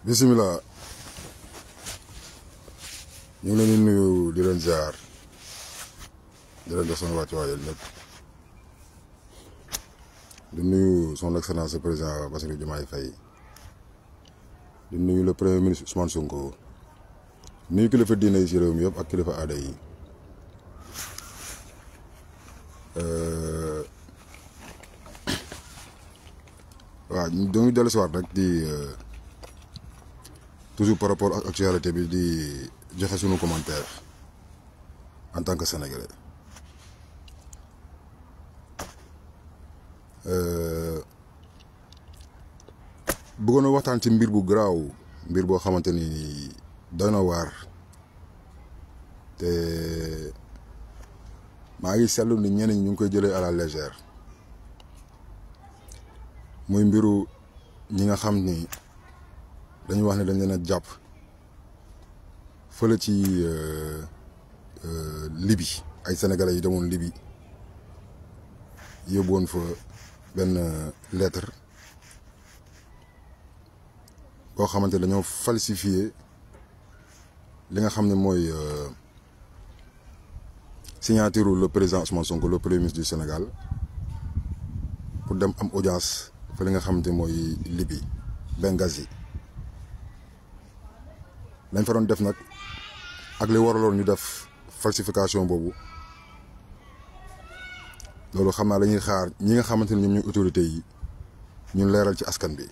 bisimilah ñu ngi leen di nuyu di leen ziar di leen jox seen wàccuwaay ñëpp di nuyu son excellence président Bassirou Diomaye Faye di nuyu le premier ministre Ousmane Sonko nuyu kilifa diine yi si réew mi yëpp ak kilifa aada yi euh, waaw ñu ngi dellu si waat rek di. Euh, toujours par rapport ak actualité bi di joxe sunu commentaire en tant que sénégalais euh, bëggoon na waxtaan ci mbir bu garaaw mbir boo xamante ni doy na waar te maa ngi seetlu ni ñenn ñi ñu koy jëlee à la légère muy mbiru ñi nga xam ni. dañuy wax ne dañ leen a jàpp fële euh, euh, Libi ay sénégalais yi demoon Libi fa euh, lettre falsifié signature le président le premier du Sénégal pour dem am audience nga Benghazi lañ fa doon def nak ak li waraloon ñu def falsification bobu lolu xamna lañuy xaar ñi nga xamanteni ni ñoom autorité yi ñu leeral ci askan bi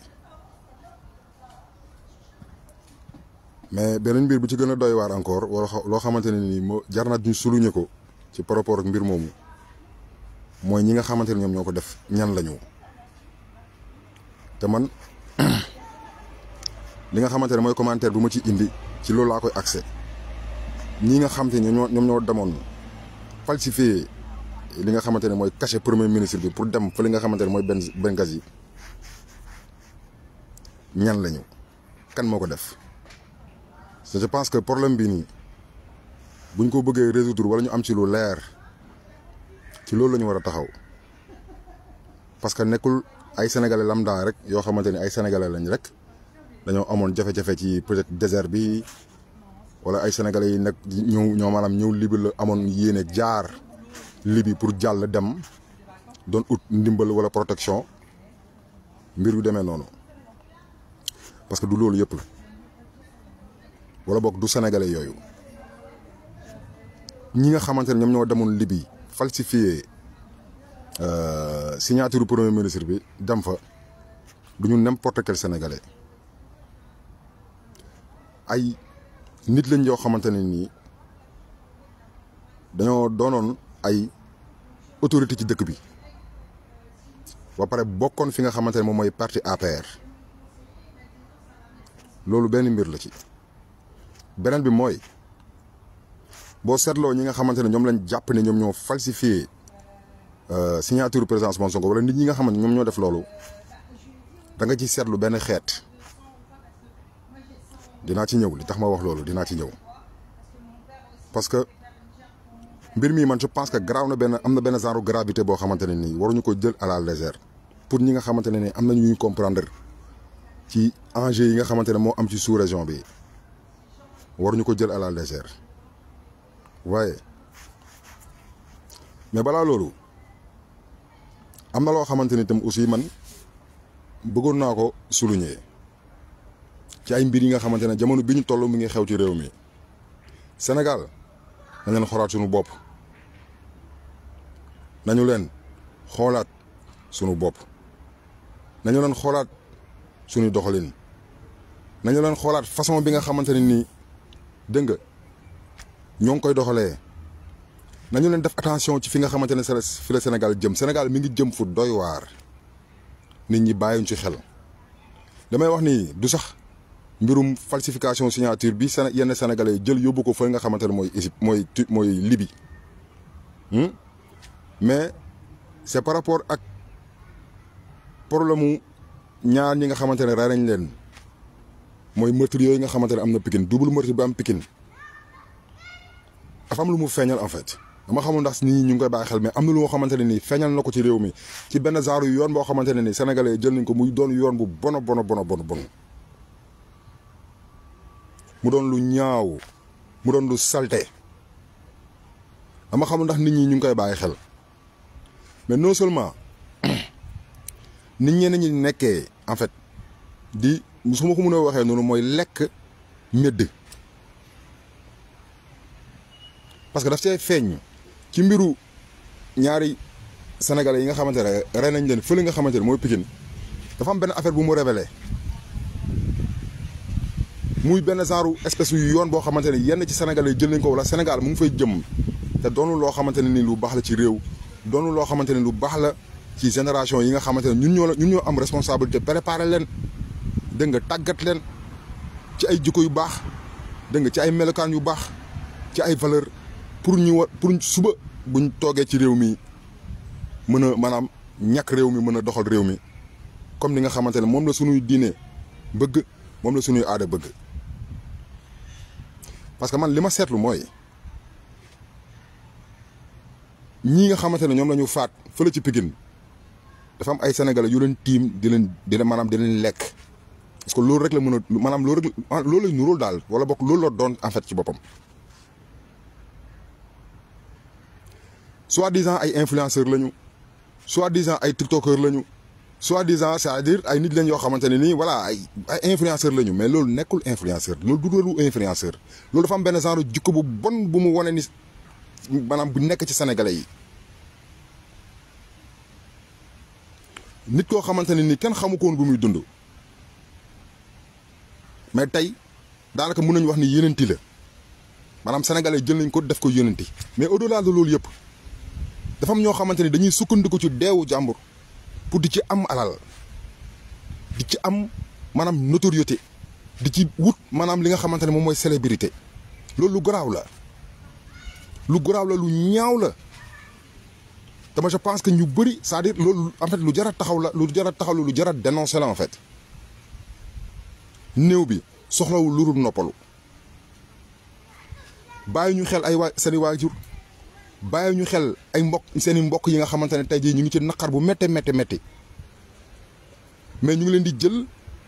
mais benen bir bu ci gëna doy war encore wala loo xamante ne nii jar duñ suluñu ko ci par rapport ak mbir momu moy ñi nga xamanteni ñoom def ñan lañu te man li nga xamanteni moy commentaire bu ma ci indi ci loolu la koy accès ñi nga xamanteni te ne ñoo demone falsifier li nga xamanteni moy cacher premier ministre bi pour dem fa li nga Benghazi ñan lañu kan moko ko def. je pense que problème bi ni buñ ko bëggé résoudre wala ñu am ci lu lèr ci loolu lañu wara taxaw parce que nekul ay sénégalais lambda rek yo xamanteni ay sénégalais lañ rek. Nous avons jafe ci désert bi wala ay sénégalais ont été ñoo la libi pour dem protection parce que du sommes du sénégalais yooyu ñi nga Libye ne libi falsifié euh, signature premier ministre n'importe quel sénégalais. ay nit lañ yoo xamante ne nii dañoo doonoon ay autorité ci dëkk bi ba pare bokkoon fi nga xamante ne moom mooy parti APR loolu benn mbir la ci beneen bi mooy boo seetloo ñi nga xamante ne ñoom lañ jàpp ne ñoom ñoo falsifié euh, signature président Ousmane Sonko wala nit ñi nga xamante ñoom ñoo def loolu danga nga ci seetlu benn xeet dina ci ñew li tax ma wax lolu dina ci ñew parce que mbir mi man je pense que grawna na amna ben genre gravité bo xamanteni ni waruñu ko jël à la légère pour ñi nga xamanteni ni amna am ñuy comprendre ci enjeu yi nga xamanteni mo am ci sous région bi waruñu ko jël à la légère waye mais bala lolu amna lo xamanteni tam aussi man bëggon nako ko souligner ci ay mbir yi nga xamante ne jamono bi ñu mi ngi xew ci réew mi Sénégal nañ leen xoolaat sunu bopp nañu leen xoolaat sunu bopp nañu leen xoolaat sunu doxalin nañu leen xoolaat façon bi nga xamante ne nii nga ñoo koy doxalee nañu leen def attention ci fi nga xamante ne fi la Sénégal jëm Sénégal mi ngi jëm fu doy waar nit ñi ci xel damay wax ni du sax. mbirum falsification signature bi seen yenn sénégalais jël yóbbu ko fële nga xamante ne mooy Égypte mooy mooy Libye hmm? mais c'est par rapport ak problème mu ñaar ñi nga xamantene ne rey nañ leen mooy meurtre yooyu nga xamantene amna Pikine double meurtre bi am Pikine dafa am lu mu feñal en fait dama xamul ndax nit ñi ñu ngi koy bàyyi xel mais amna lu mo xamantene ni feñal nako ci réew mi ci ben genre yoon bo xamantene ni nii sénégalais yi jël nañ ko muy doon yoon bu bono bono bono bono bon mu doon lu ñaaw mu doon lu salte dama xamul ndax nit ñi ñu ngi koy bàyyi xel mais non seulement nit ñenn ñi nekkee en fait di su ma ko mënee waxee noonu mooy lekk médd parce que daf see feeñ ci mbiru ñaari sénégalais yi nga xamante ne rey nañ leen fële nga xamante ne mooy Pikine dafa am benn affaire bu mu révélé muy benn genre espèce yu yoon boo xamante ne yenn ci sénégalais jël nañ ko wala Sénégal mu ngi fay jëm te doonul loo xamante ne ni lu baax la ci réew doonul loo xamante ne lu baax la ci génération yi nga xamante ne ñun ñoo la ñun ñoo am responsabilité préparer leen dégg nga tàggat leen ci ay jikko yu baax dégg nga ci ay melokaan yu baax ci ay valeur pour ñu war pour suba buñ toogee ci réew mi mën a maanaam ñàkk réew mi mën a doxal réew mi comme ni nga xamante ne moom la suñuy diine bëgg moom la suñuy aada bëgg parce que man li ma seetlu mooy ñii nga xamante ne ñoom la ñu faat fële ci Pikine dafa am ay sénégalais yu leen tiim di leen di maanaam di leen lekk parce que loolu rek la mën a maanaam loolu rek loolu la ñu daal wala bokk loolu la doon en fait ci boppam. soi-disant ay influenceurs lañu soi-disant ay tiktokers lañu. soi-disant c'est-à-dire ay nit lañ yoo xamante ne nii voilà ay ay influenceur la mais loolu nekkul influenceur loolu du doon influenceur loolu dafa am benn genre jikko bu bon bu mu wane ni maanaam bu nekk ci sénégalais koo xamante ne nii kenn xamu ko woon muy dund mais tey daanaka mën nañu wax ni yénanti la maanaam sénégalais jël nañ ko def ko yénanti mais au-delà loolu yëpp dafa am ñoo xamante ni dañuy sukkandiku ci deewu jàmbur. pour di ci am alal di ci am maanaam notoriété di ci wut maanaam li nga xamante ne moom mooy célébrité loolu lu garaaw la lu garaaw la lu ñaaw la dama je pense que ñu bëri c'est-à-dire loolu lu jar a taxaw la lu jar a taxaw lu jar a dénoncé la en fait néew bi soxlawul lu dul noppalu bàyyi ñu xel ay waa seeni waajur bàyyi ñu xel ay mbokk seen i mbokk yi nga xamante tay ji ñu ngi ci nakar bu metti metti metti mais ñu ngi leen di jël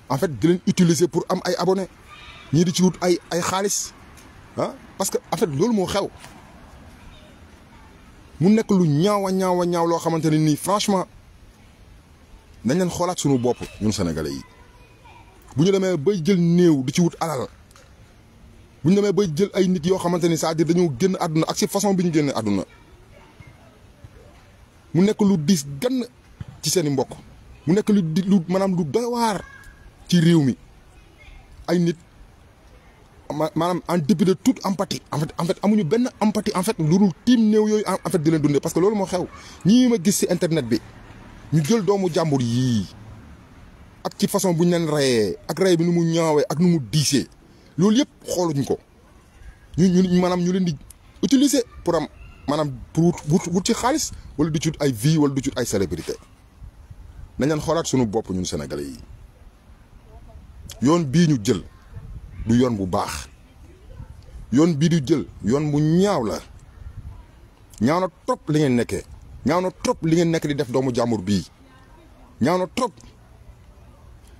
en fait di leen utiliser pour am ay abonnés ñi di ci wut ay ay xaalis ah parce que en fait loolu mo xew mu nekk lu ñaawa ñaawa ñaaw lo ñaaw ni franchement dañ leen xoolaat suñu bop ñun sénégalais yi bu ñu demee bay jël néew di ci wut alal. bu ñu demee bay jël ay nit yoo xamante ni cest à dañoo génn àdduna ak si façon bi ñu génne àdduna mu nekk lu diis gann ci seen i mbokk mu nekk lu di lu maanaam lu doy ci réew mi ay nit maanaam en dépit de toute empathie en fait en fait amuñu benn empathie en fait lu dul tiim néew yooyu en fait di leen dundee parce que loolu moo xew ñii ma gis si internet bi ñu jël doomu jàmbur yii ak ci façon bu ñu leen reyee ak ray bi nu mu ñaawee ak nu mu diisee. loolu yëpp xooluñ ko ñu ñu maanaam ñu leen di utiliser pour am maanaam pour wut wut ci xaalis wala du ci ay vie wala du ci ay célébrité nañ xoolaat suñu bopp ñun sénégalais yi yoon bii ñu jël du yoon bu baax yoon bii du jël yoon bu ñaaw la ñaaw na trop li ngeen nekkee ñaaw na trop li ngeen nekk di def doomu jàmbur bii ñaaw na trop.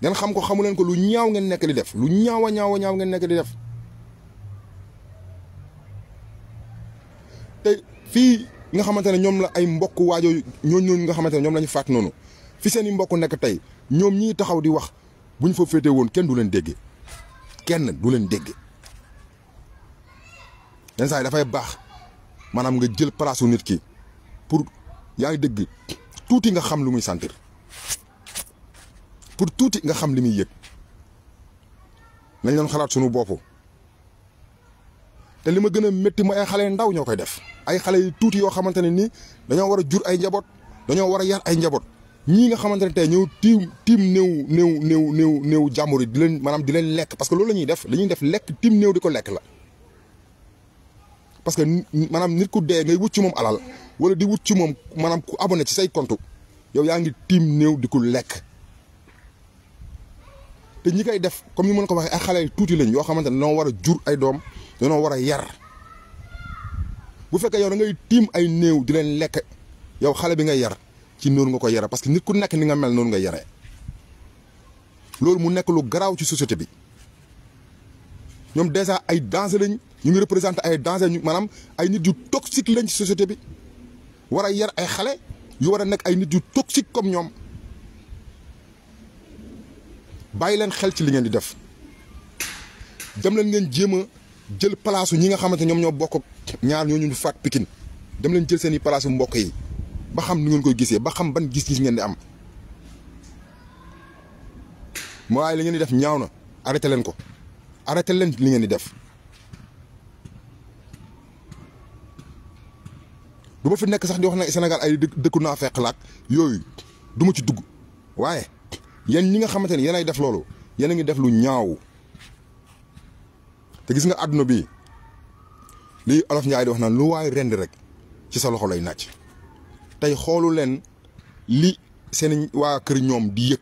ngeen xam ko xamu leen ko lu ñaaw ngeen nekk di def lu ñaaw a ñaaw ñaaw ngeen nekk di def te fii nga xamante ne ñoom la ay mbokk waajo ñooñ ñooñu nga xamante ne ñoom la ñu faat noonu fi seeni i mbokk nekk tey ñoom ñii taxaw di wax bu ñu fa féetee woon kenn du leen dégg kenn du leen dégg yenn saa yi dafay baax maanaam nga jël palaasu nit ki pour yaa ngi dégg tuuti nga xam lu muy sentir. pour tuuti nga xam li muy yëg nañ doon xalaat sunu bopp te li ma gën a métti mooy ay xale yu ndaw ñoo koy def ay xale yu tuuti yoo xamante ne ni dañoo war a jur ay njaboot dañoo war a yar ay njaboot ñii nga xamante ne tey ñëw tiim tiim néew néew néew néew néew jàmbur yi di leen maanaam di leen lekk parce que loolu lañuy def li def lekk tiim néew di ko lekk la. parce que maanaam nit ku dee ngay wut ci moom alal wala di wut ci moom maanaam ku abonné ci say compte yow yaa ngi tiim néew di ko lekk. te ñi koy def comme ni mën ko waxee ay xale yi tuuti lañ yoo xamante noo dañoo a jur ay doom dañoo war a yar bu fekkee yow da ngay tiim ay néew di leen lekk yow xale bi ngay yar ci noonu nga ko yara parce que nit ku nekk ni nga mel noonu nga yaree loolu mu nekk lu garaaw ci société bi ñoom déjà ay danger lañ ñu ngi représenté ay danger ñu maanaam ay nit yu toxique lañ ci société bi war a yar ay xale yu war a nekk ay nit yu toxique comme ñoom. bàyyi leen xel ci li ngeen di def dem leen ngeen jéem a jël palaasu ñi nga xamante ñoom ñoo bokk ñaar ñoo ñu faat Pikine dem leen jël seen i palaasu mbokk yi ba xam nu ngeen koy gisee ba xam ban gis-gis ngeen di am waaye li ngeen di def ñaaw na arrêté leen ko arrêté leen li ngeen di def du ma fi nekk sax di wax ne senegal ay dëkku naa fekk laak yooyu du ci dugg waaye. Yen ñi nga xamanteni ni def lolu yéen nga def lu ñaaw te gis nga aduna bi li olof ñay di wax naan lu way rend rek ci sa loxo lay nacc tay len li seen wa keur ñom di yek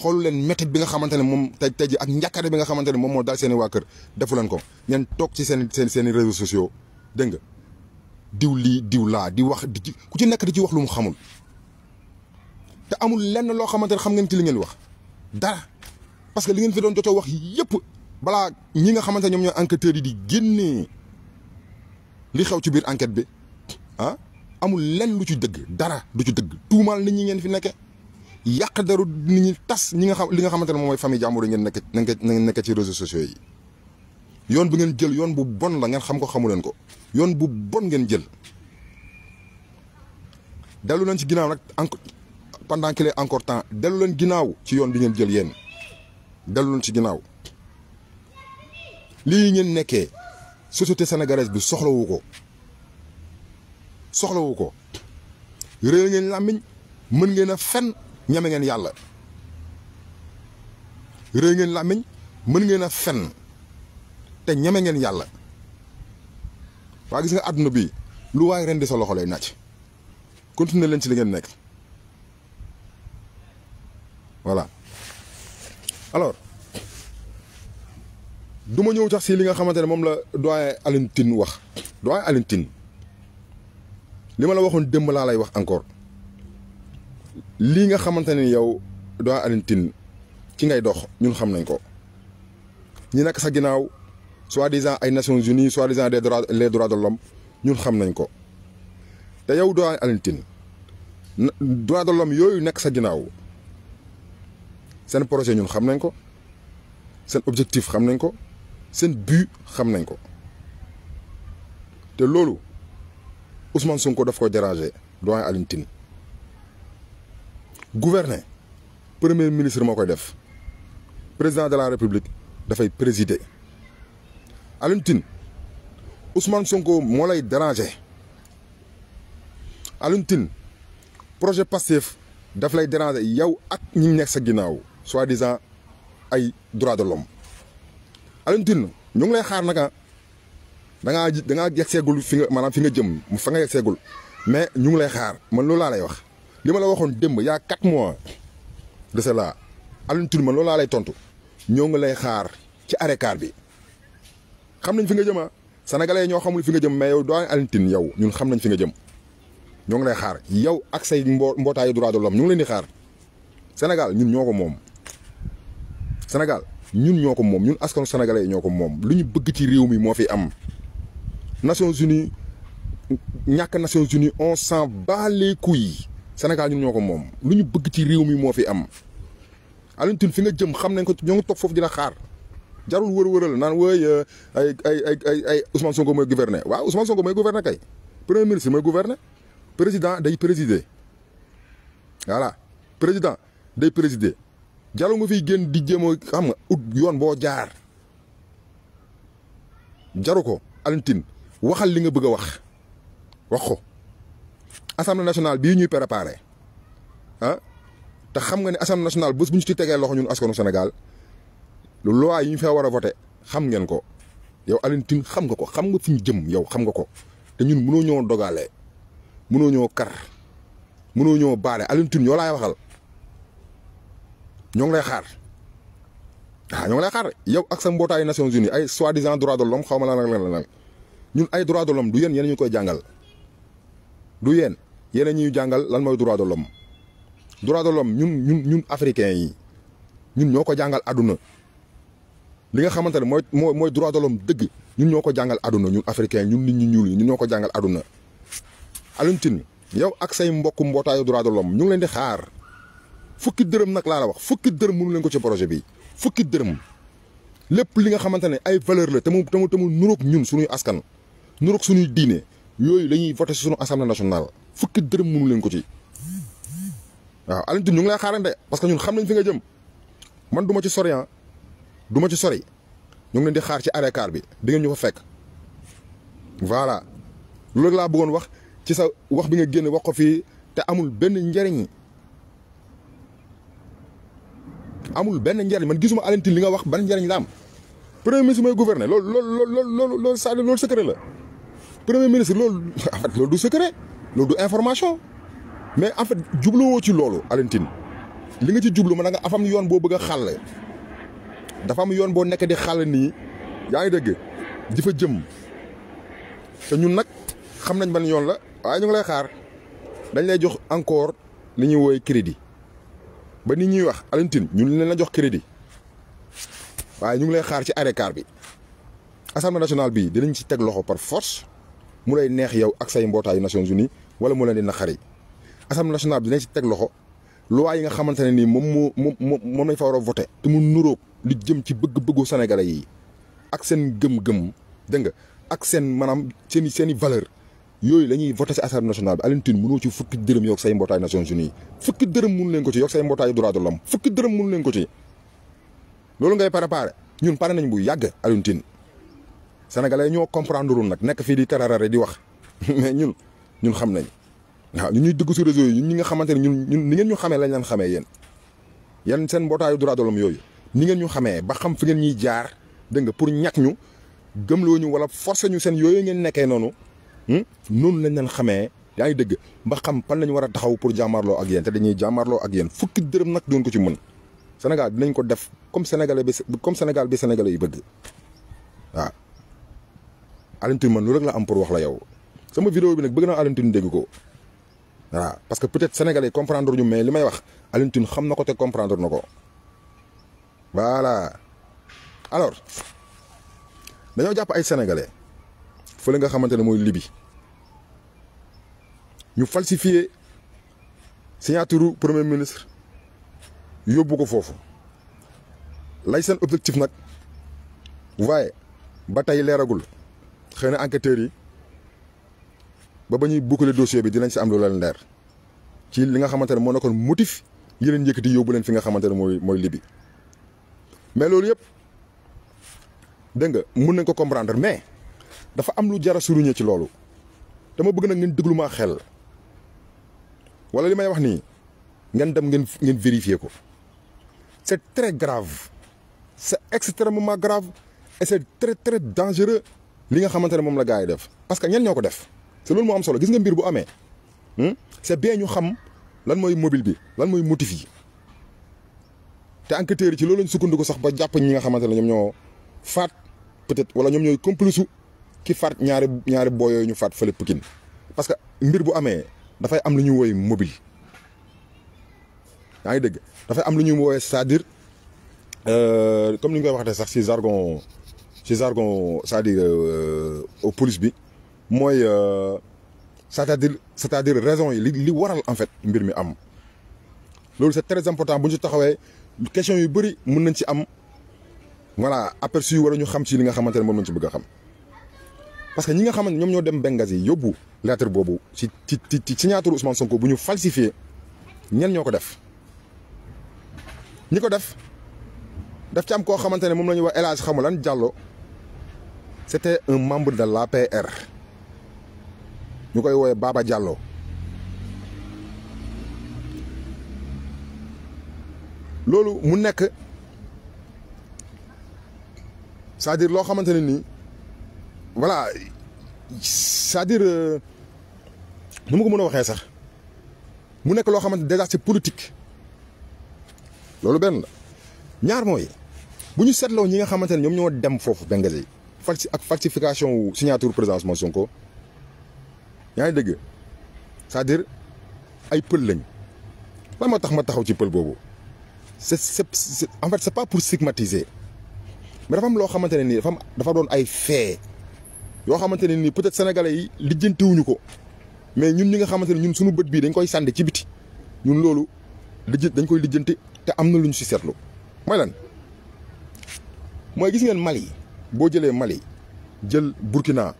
xoolu len métit bi nga xamanteni mom tay tay ji ak njàkkare bi nga xamanteni mom mo dal seen wa keur defu len ko ñen tok ci seen seen seen réseaux sociaux dégg nga diw li diw la di wax ku ci nekk di ci wax lu mu xamul te amul lenn lo xamanteni xam ngeen ci li ngeen wax dara parce que li ngeen fi doon jotoo wax yépp bala ñi nga xamanteni ñom ñoy enquêteur yi di génné li xew ci biir enquête bi ah amul lenn lu ci dëgg dara du ci dëgg tuumaal nit ñi ngeen fi nekké yaq daru nit ñi tas ñi nga xam li nga xamanteni moy famille Yon ngeen nekk nekk nekk ci réseaux sociaux yi yoon bu ngeen jël yoon bu bon la ngeen xam ko xamu ko yoon bu bon ngeen jël dalu nañ ci ginaaw nak pendant qu'il est encore temps dellu leen ginnaaw ci yoon bi ngeen jël yéen dellu leen ci ginnaaw lii ngeen nekkee société sénégalaise bi soxlawu ko soxlawu ko réer ngeen làmmiñ mën ngeen a fen ñeme ngeen yàlla réer ngeen làmmiñ mën ngeen a fen te ñeme ngeen yàlla waa gis nga àdduna bi lu waay rendi sa loxo lay naaj continuer leen ci li ngeen nekk voilà alors du ma ñëw sax si li nga xamante ne moom la doyen Alioune wax doyen Alioune Tine la waxoon démb laa lay wax encore lii nga xamante ne yow doyen Alioune Tine ci ngay dox ñun xam nañ ko ñi nekk sa ginnaaw soi-disant ay Nations Unies soi-disant des droits les droits de l'homme ñun xam nañ ko te yow doyen droits de l'homme sa sen projet ñun xam nañ ko sen objectif xam nañ ko sen but xam nañ ko te lolu Ousmane Sonko daf ko déranger doyen Alintine gouverner premier ministre mo koy def président de la république fay présider Alintine Ousmane Sonko mo lay déranger Alintine projet Pastef daf lay déranger yow ak ñi nekk sa ginnaaw. soi-disant ay droit de l'homme Alioune ñoo ngi lay xaar naka ah, da ngaa da ngaa yegg seegul fi nga maanaam fi nga jëm fa nga yegg seegul mais ñu ngi lay xaar man loolu laa lay wax li ma la waxoon démb yaa quatre mois de cela Alioune Tine man loolu laa lay tontu ñoo ngi lay xaar ci arrêt bi xam nañ fi nga jëm ah sénégalais ñoo xamul fi nga jëm mais yow doyen Alioune Tine yow ñun xam nañ fi nga jëm ñoo ngi lay xaar yow ak say mbo mbootaayu droit de l'homme ñu ngi leen di xaar Sénégal ñun ñoo ko moom. Sénégal nous sommes nous ñun sénégalais nous nous les bëgg Nations Unies Nations Unies on s'en bat les couilles Sénégal nous nous bëgg ci réew mi fi jarul wër-wëral nan Nous euh, ay ay ay ay Ousmane Sonko moy Ousmane premier ministre président day présider voilà président présider jalo nga fiy génn di jéem xam nga ut yoon boo jaar jaru ko allentine waxal li nga bëgg a wax wax ko assemblée nationale bii ñuy préparé ah te xam nga ne assemblée nationale bés bu ñu ci tegee loxo ñun askanu Sénégal lu loi yi ñu fee war a voté xam ngeen ko yow Alioune xam nga ko xam nga fi ñu jëm yow xam nga ko te ñun mënoo ñoo dogalee mënoo ñoo kar mënoo ñëw baare Alioune Tine yoo laay waxal. ñong lay xaar ah ñong lay xaar yow ak sa mbootaayu Nations Unies ay soi-disant droit de l'homme xawma la nak lan lan ñun ay droit de l'homme du yeen yeen ñu koy jangal du yeen yéen ñu jangal lan moy droit de l'homme droit de l'homme ñun ñun ñun africain yi ñun ñoko jangal aduna li nga xamantene moy moy mooy droit de l'homme deug ñun ñoko jangal aduna ñun africain ñun nit ñi ñuul ñun ñoko jangal aduna àdduna Alioune yow ak say mbokk mbootaayu droit de l'homme ñu ngi leen di xaar fukki dërëm nag laa la wax fukki dërëm mënu leen ko ci projet bi fukki dërëm lépp li nga xamante ne ay valeur la te mu te mu te ñun suñuy askan nuróog suñuy diine yooyu la ñuy voté si sunu assemblée nationale fukki dërëm mënu leen ko ci waaw Alioune Tine ñu ngi lay xaarante parce que ñun xam nañ fi nga jëm man du ci sori ah du ma ci sori ñu ngi leen di xaar ci arrêt bi di ngeen ñu fa fekk voilà loolu laa bëggoon wax ci sa wax bi nga génn wax ko fii te amul benn njariñ amul ben njariñ man gisuma alentine li nga wax ban njariñ la am premier ministre moy gouverner lol lol lol lol lol sa lol secret la premier ministre lol en fait loolu du secret lol du information mais en fait wo ci lolou alentine li nga ci jublu man nga afam yoon bo bëgg xal xàll dafa am yoon bo nekk di xal ni yaa ngi dëgg di jëm te ñun nak xam nañ ban yoon la waaye ñu ngi lay xaar dañ lay jox encore li ñuy woy crédit ba nit ñuy wax Alioune ñu leen la jox crédit waaye ñu ngi lay xaar ci arrêt bi assemblée nationale bi dinañ ci teg loxo par force mu lay neex yow ak say mbootaayu Nations Unies wala mu leen di naqari assemblée nationale bi dinañ ci teg loxo loi yi nga xamante ne nii moom moo moom moom lañ fa war a voté te mu nuróog li jëm ci bëgg-bëggu Sénégalais yi ak seen gëm-gëm dégg nga ak seen maanaam seen seeni valeur yooyu la ñuy voté si assemblée nationale bi Alioune Tine mënoo ci fukki dërëm yow ak say mbootaay Nations ko ci yow ak say mbootaayu droit de l'homme fukki dërëm mënu leen ko ci loolu ngay préparé ñun pare nañ bu yàgg Alioune Tine sénégalais ñoo comprendre lul nag nekk fii di tararare di wax mais ñun ñun xam nañ waaw ñun ñuy dugg si réseau yi ñun ñi nga xamante ne ñun ñun ni ngeen ñu xamee lañ leen xamee yéen yan seen mbootaayu du de yooyu ni ngeen ñu xamee ba xam fi ngeen ñuy jaar dégg pour ñàkk ñu gëmloo ñu wala forcé ñu seen yooyu ngeen nekkee Hmm? noonu lañ leen xamee yaa ngi dégg ba xam fan lañ war a taxaw pour jàmmarloo ak yéen te dañuy jàmmarloo ak yéen fukki dërëm nag doon ko ci mën Sénégal dinañ ko def comme sénégalais bi comme Sénégal bi sénégalais yi bëgg waaw. Alioune Tine man loolu rek la am pour wax la yow sama vidéo bi nag bëgg naa Alioune Tine dégg ko voilà parce que peut-être sénégalais comprendre ñu mais li may wax alentin xam na ko te comprendre na ko voilà alors dañoo jàpp ay sénégalais. fële nga xamante ne Libi, Libye ñu falsifié signature premier ministre yóbbu ko foofu lay seen objectif nag waaye ba tey leeragul xëy na enquêteurs yi ba ba ñuy boucler dossier bi dinañ si am lu leen leer ci li nga ne motif yi leen yëkkati leen fi nga xamante ne mooy mooy mais yëpp nga nañ ko comprendre mais. dafa am lu jara suruñe ci lolu dama bëgg nag ngeen déglu ma xel wala limay wax ni ngeen dem ngeen ngeen vérifier ko c'est très grave c'est extrêmement grave et c'est très très dangereux li nga xamantene mom la gars def parce que ñen ñoko def c'est loolu mo am solo gis nga mbir bu amé hmm c'est bien ñu xam lan moy mobile bi lan moy motif yi té enquêteur ci lolu lañ sukkandiku sax ba japp ñi nga xamantene ñom ñoo faat peut-être wala ñom ñoy complice ki faat ñaari ñaari boo yooyu ñu faat fële Pikine parce que mbir bu amee dafay am lu ñuy wooy mobile yaa ngi dégg dafay am lu ñuy wooyee cest à euh, comme ni ñu koy waxatee sax ci jargon ci jargon cest à euh, police bi mooy euh, c'est-à-dire c'est-à-dire raison yi li li waral en fait mbir mi am loolu c'est très important bu ñu ci taxawee question yu bëri mën nañ ci am voilà aperçu wala ñu xam si li nga xamante ne moom lañ ci bëgg a xam. parce que ñi nga qui ñom ñoo dem Benghazi yobbu lettre bobu ci ci signature Ousmane Sonko nous falsifier ñen ñoko def def daf ci am ko ne lañu xamulan Diallo c'était un membre de l'APR ñukoy woyé Baba Diallo lolu mu nek c'est-à-dire lo xamanteni ni voilà c'est-à-dire euh, nous ma ko mën sax mu nek lo xamante déjà c'est politique lolu ben la ñaar moy buñu sétlo ñi nga xamante ñom ñoo dem fofu Benghazi falsi ak falsification wu signature présidence Ousmane Sonko yaa deug c'est-à-dire ay pël lañ lan moo tax ma taxaw ci peul bobu c'est c'est en fait c'est pas pour stigmatiser mais dafa am lo xamante ni dafa dafa don ay faits yoo xamante ne nii peut-être sénégalais yi lijjantiwuñu ko mais ñun ñi nga xamante ne ñun suñu bët bii dañ koy sànni ci biti ñun loolu lijjant dañ koy lijjanti te am na lu ñu si seetlu mooy lan mooy gis ngeen Mali boo jëlee Mali jël Burkina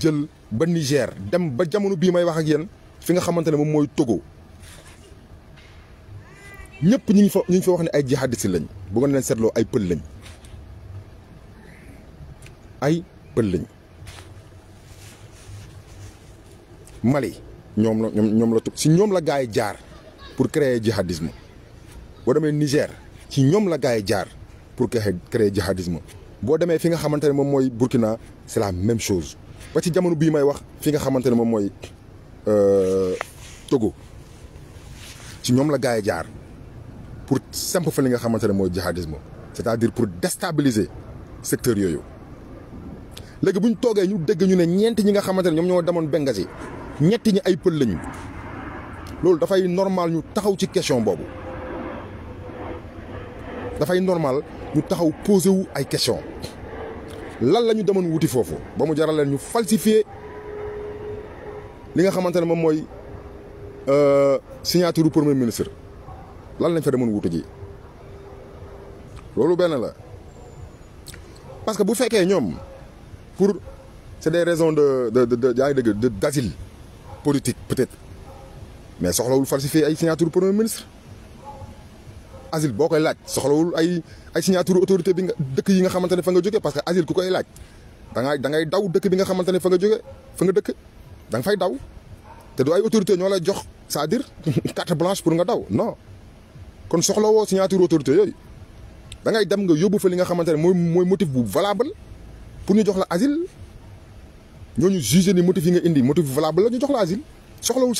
jël ba Niger dem ba jamono bii may wax ak yéen fi nga xamante ne moom mooy Togo ñëpp ñu ngi fa ñu ngi fa wax ne ay jihadiste lañ bu ngeen leen seetloo ay pël lañ ay pël lañ. Mali ñoom la ñoom la tu si ñoom la gars yi jaar pour créer jihadisme boo demee Niger ci ñoom la gars yi jaar pour créer jihadisme boo demee fi nga xamante ne moom mooy Burkina c'est la même chose ba ci jamono bii may wax fi nga xamante ne moom mooy euh, Togo ci ñoom la gars yi jaar pour samp fa li nga xamante ne mooy jihadisme c'est-à-dire pour déstabiliser secteur yooyu léegi bu ñu toogee ñu dëgg ñu ne ñeent ñi nga xamante ne ñoom ñoo demoon Benghazi ñetti ñi ay pël lañu da fay normal ñu taxaw ci question bobu da fay normal ñu taxaw poser wu ay question lan lañu ñu wuti fofu ba mu jaral leen ñu falsifier li nga xamantene mom moy euh signature du premier ministre lan lañ fa demoon wutu ji loolu ben la parce que bu fekkee ñom pour c'est des raisons de de de yaa ngi dëgg de d'asile politique peut-être mais soxlawul falsifier ay signature premier ministre asile boo koy laaj soxlawul ay ay signature autorité bi nga dëkk yi nga xamante ne fa nga jógee parce que asile ku koy laaj da ngay da ngay daw dëkk bi nga xamante ne fa nga jógee fa nga dëkk da nga fay daw te du ay autorité ñoo lay jox c'est-à-dire carte blanche pour nga daw non kon soxlawoo signature autorité yooyu da ngay dem nga yóbbu fa li nga xamante ne mooy mooy motif bu valable pour ñu jox la asile ñooñu jugé ni motif yi nga indi motif valable la ñu jox la asile soxlawul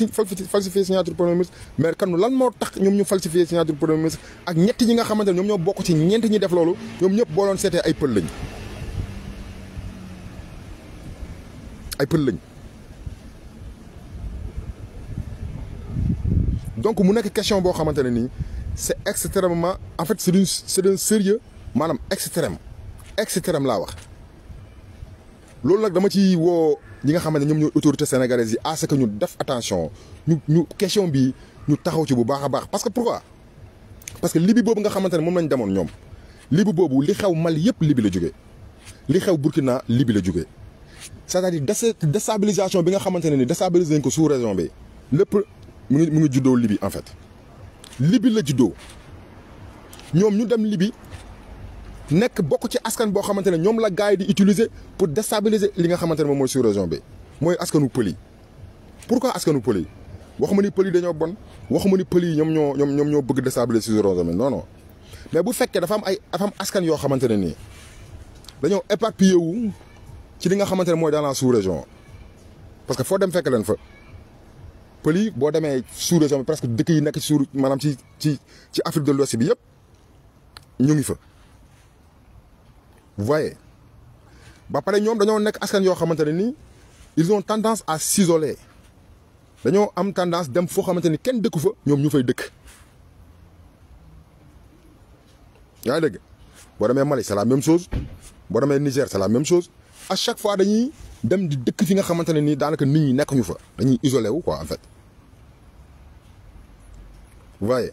falsifier signature premier ministre mais kanu lan moo tax ñoom ñu falsifier signature premier ministre ak ñett ñi nga xamante ne ñoom ñoo bokk ci ñeent ñi def loolu ñoom ñëpp boo doon seetee ay pël lañ ay pël lañ donc mu nekk question boo xamante ne c'est extrêmement en fait c'est une c'est d'un sérieux maanaam extrême extrême laa wax loolu nak dama ci wo ñi nga xamante ne ñoom ñooy autorités yi à ce ñu def attention ñu ñu question bi ñu taxaw ci bu baaxa baax parce que pourquoi parce que libi bobu nga xamantene mom moom lañ demoon ñoom libi boobu li xew mal yépp libi la jógee li xew Burkina libi la jógee c'est-à-dire déstabilisation bi nga xamantene ni déstabiliser nañ ko sous région bi lepp mu ngi mu ngi libi en fait libi la juddoo ñom ñu dem libi nek bokku ci askan bo xamantene ñom la gaay di utiliser pour déstabiliser li nga xamantene ne moom mooy sous région bi moy askanu pël pourquoi askanu pël waxuma ni pël yi dañoo bon waxuma ni pël ñom ñoom ñoo ñom ñoom ñoo bëgg déstabiliser sous région bi non non mais bu fekkee dafa am ay dafa am askan yo xamantene ni. nii dañoo éparpillé wu ci li nga xamantene moy dans la sous région parce que fo dem fekk leen fa pël bo démé sous région bi presque dëkk yi nek ci sous maanaam ci ci ci Afrique de l'Ouest bi yépp ñu ngi fa vous voyez ba ils ont tendance à s'isoler Ils ont tendance à faire des choses qui fa fait Mali c'est la même chose boo demee Niger c'est la même chose à chaque fois ils dem di dëkk fi nga ni nit ñi fa quoi en fait vous voyez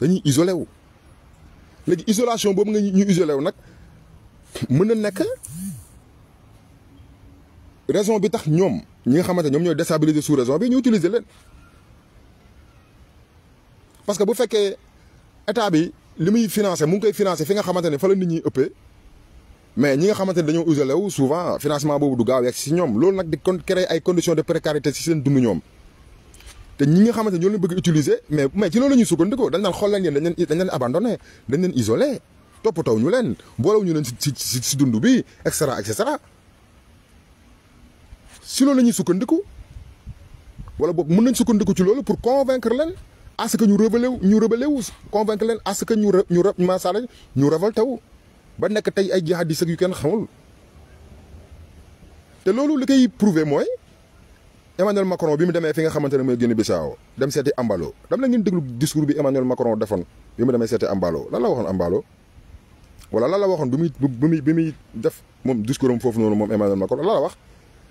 dañuy isolé wu isolation bo ñu isolé mën na raison bi tax ñom ñi nga xamante ñom ñoy déstabiliser sous raison bi ñu utiliser leen parce que bu fekkee état bi limuy financer mu ngi financer fi nga xamante fa la nit ñi uppé mais ñi nga xamante ne dañoo isolé wu souvent financement bobu du gaaw yegg si ñoom loolu nag di créer ay conditions de précarité ci seen dund ñom té ñi nga xamante ñoo leen bëgg utiliser mais mais ci loolu ñu ñuy sukkandikoo dañ naan xol leen yéen dañ leen dañ leen abandonné dañ leen isolé toppatoo ñu len boolewuñu ñu len ci ci dundu bi et cetera et cetera si loolu la sukkandiku wala boog mën nañ sukkandiku ci lolu pour convaincre len à ce que ñu révélé ñu révélé wu convaincre len à ce que ñu ñu ma masala ñu révolté wu ba nek tay ay ak yu kenn xamul té lolu li koy prouver mooy Emmanuel Macron bi mu démé fi nga xamante moy mooy Guinée Bissau dem seeti Ambalo dam la ngeen déglu discours bi Emmanuel Macron defoon bi mu démé seeti Ambalo lan la waxon Ambalo wala la la waxon bi muy bi muy def mom discours fofu non mom Emmanuel Macron la la wax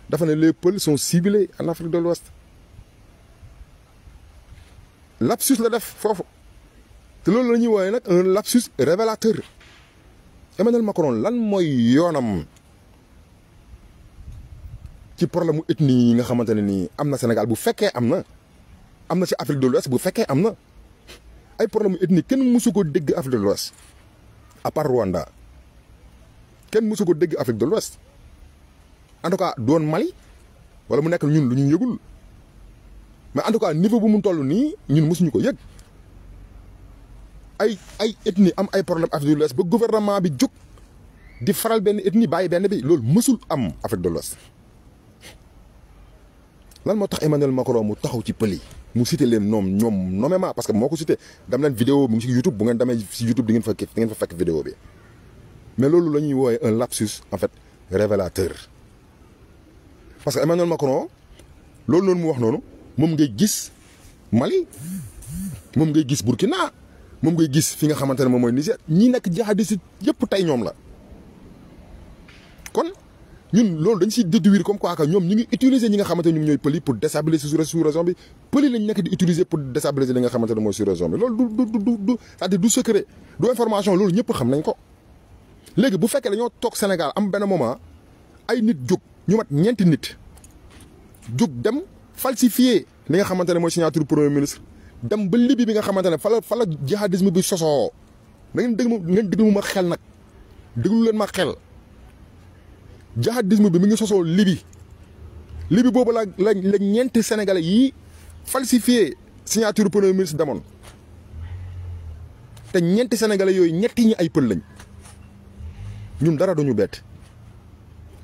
dafa ne les Peuls sont ciblés en Afrique de l'Ouest lapsus la def fofu te loolu la ñuy woowee un lapsus révélateur Emmanuel Macron lan moy yonam ci problème mu ethnie yi nga xamante ni amna Sénégal bu féké amna amna ci Afrique de l'Ouest bu féké amna ay problème mu ethnie kenn mësu dégg Afrique de l'Ouest à part Rwanda Ken musu ko dégg Afrique de l'Ouest en tout cas doon Mali wala mu nek ñun lu ñu yegul. mais en tout cas niveau bu mu tollu ni ñun musu ñuko yegg. ay ay ethnie am ay problème Afrique de l'Ouest ba gouvernement bi juk di faral ben ethnie baye ben bi lool musul am Afrique de l'Ouest lan motax Emmanuel Macron mu taxaw ci citer les noms noms nommément parce que moi cité dam vidéo YouTube YouTube vidéo mais là, qui y un lapsus en fait révélateur parce que Emmanuel Macron loolu non mu wax important, ngay Mali mom ngay gis Burkina mom ngay gis fi nga xamantene ne ni Niger nous déduire comme quoi que avons utilisé ngi utiliser nga sur pour déstabiliser sur bi utiliser pour déstabiliser les nga xamante ne mooy bi loolu du du du du cest information nous xam nañ Sénégal am un moment ay nit ñu mat nit dem falsifier li nga ne signature premier ministre dem ba bi nga ne jihadisme bi mi ngi sosoo libi Libye boobu la la la ñeenti sénégalais yi falsifié signature premier ministre demoon te ñeenti sénégalais yooyu ñetti ñi ay pël lañ ñun dara duñu bett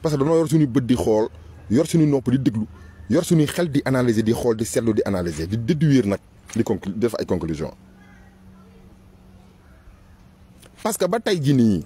parce que dañoo yor suñu bët di xool yor suñu nopp di déglu yor suñuy xel di analyser di xool di seetlu di analyser di déduire nag di def ay conclusion parce que ba tey jii nii.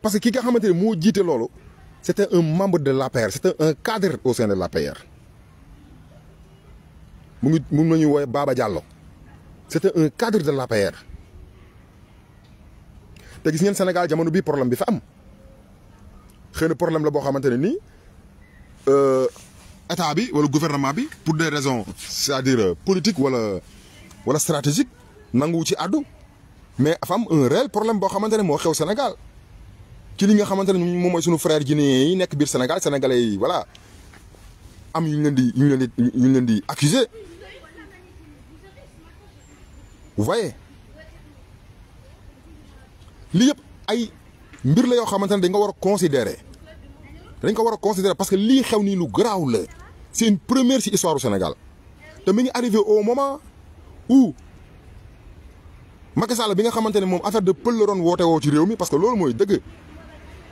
parce que ce nga a ne c'était un membre de l'APR c'était un cadre au sein de l'APR C'est la Baba Diallo c'était un cadre de l'APR te gis au Sénégal jamono un problème bi fa am xëy problème la boo L'État ou le gouvernement pour des raisons c'est-à-dire euh, politique ou wala stratégique pas ci mais y un réel problème au Sénégal ci li nga xamante mom moy mooy suñu frère guinéen ni nek bir Sénégal sénégalais yi voilà am yu ñu leen di yu ñu leen di ñu leen di accuser vous voyez li yeb ay mbir la yo xamante dañ ko wara considérer dañ ko wara considérer parce que li xew nii lu garaaw la c'est une première ci histoire du Sénégal te mi ngi arrivé au moment où Macky Sall bi nga xamante mom affaire de pël la doon woote ci réew mi parce que loolu moy deug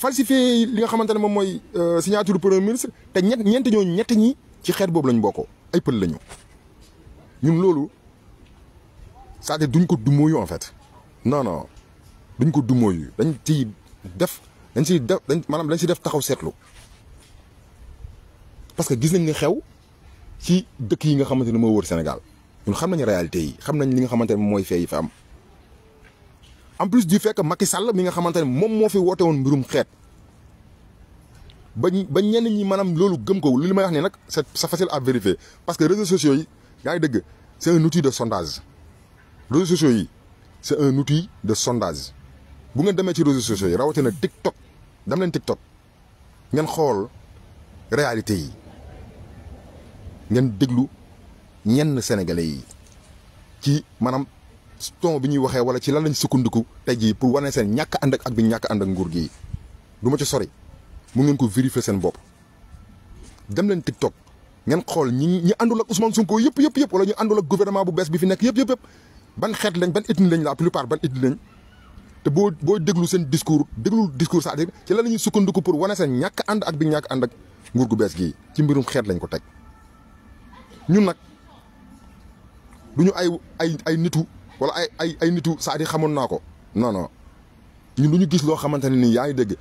Falsifier li nga euh, du mom signature premier ministre te ñet ñent ñoo ñet ñi ci avez fait. lañu boko ay pël lañu ñun en fait non non duñ ko dañ ci def dañ ci def def taxaw setlu parce que gis nañ ni xew ci dëkk yi nga mo Sénégal ñun xam nañ réalité yi xam nañ li nga en plus du fait que Macky Sall mi nga xamante mom mo fi woté won mbirum xeet ba ba ñi manam lolu gëm ko lu limay wax ne nak c'est c'est facile à vérifier parce que réseaux sociaux yi yaay ngi dëgg c'est un outil de sondage réseaux sociaux yi c'est un outil de sondage bu ngeen démé ci réseaux sociaux yi rawati na TikTok dam leen TikTok ngeen xol réalité yi ngeen déglu ñenn sénégalais yi ci manam ton bi ñuy waxee wala ci lan lañ sukkandiku tey jii pour wane seen ñàkk ànd ak bi ñàkk ànd ak nguur gi du ma ci sori mu ngeen ko vérifier seen bopp dem leen TikTok ngeen xool ñi ñi àndul ak Ousmane Sonko yëpp yëpp yëpp wala ñu àndul ak bu bees bi fi nekk yëpp yëpp yëpp ban xeet lañ ban ethnie lañ la plupart ban ethnie lañ te boo boo déglu seen discours déglu discours cest ci lan la ñuy sukkandiku pour wane seen ñàkk ànd ak bi ñàkk ànd ak nguur gu bees gii ci mbirum xeet lañ ko teg ñun nag duñu ay ay ay nitu wala ay ay ay nitu saa di xamoon naa ko non ñun du ñu gis loo xamante ne nii yaa ngi dégg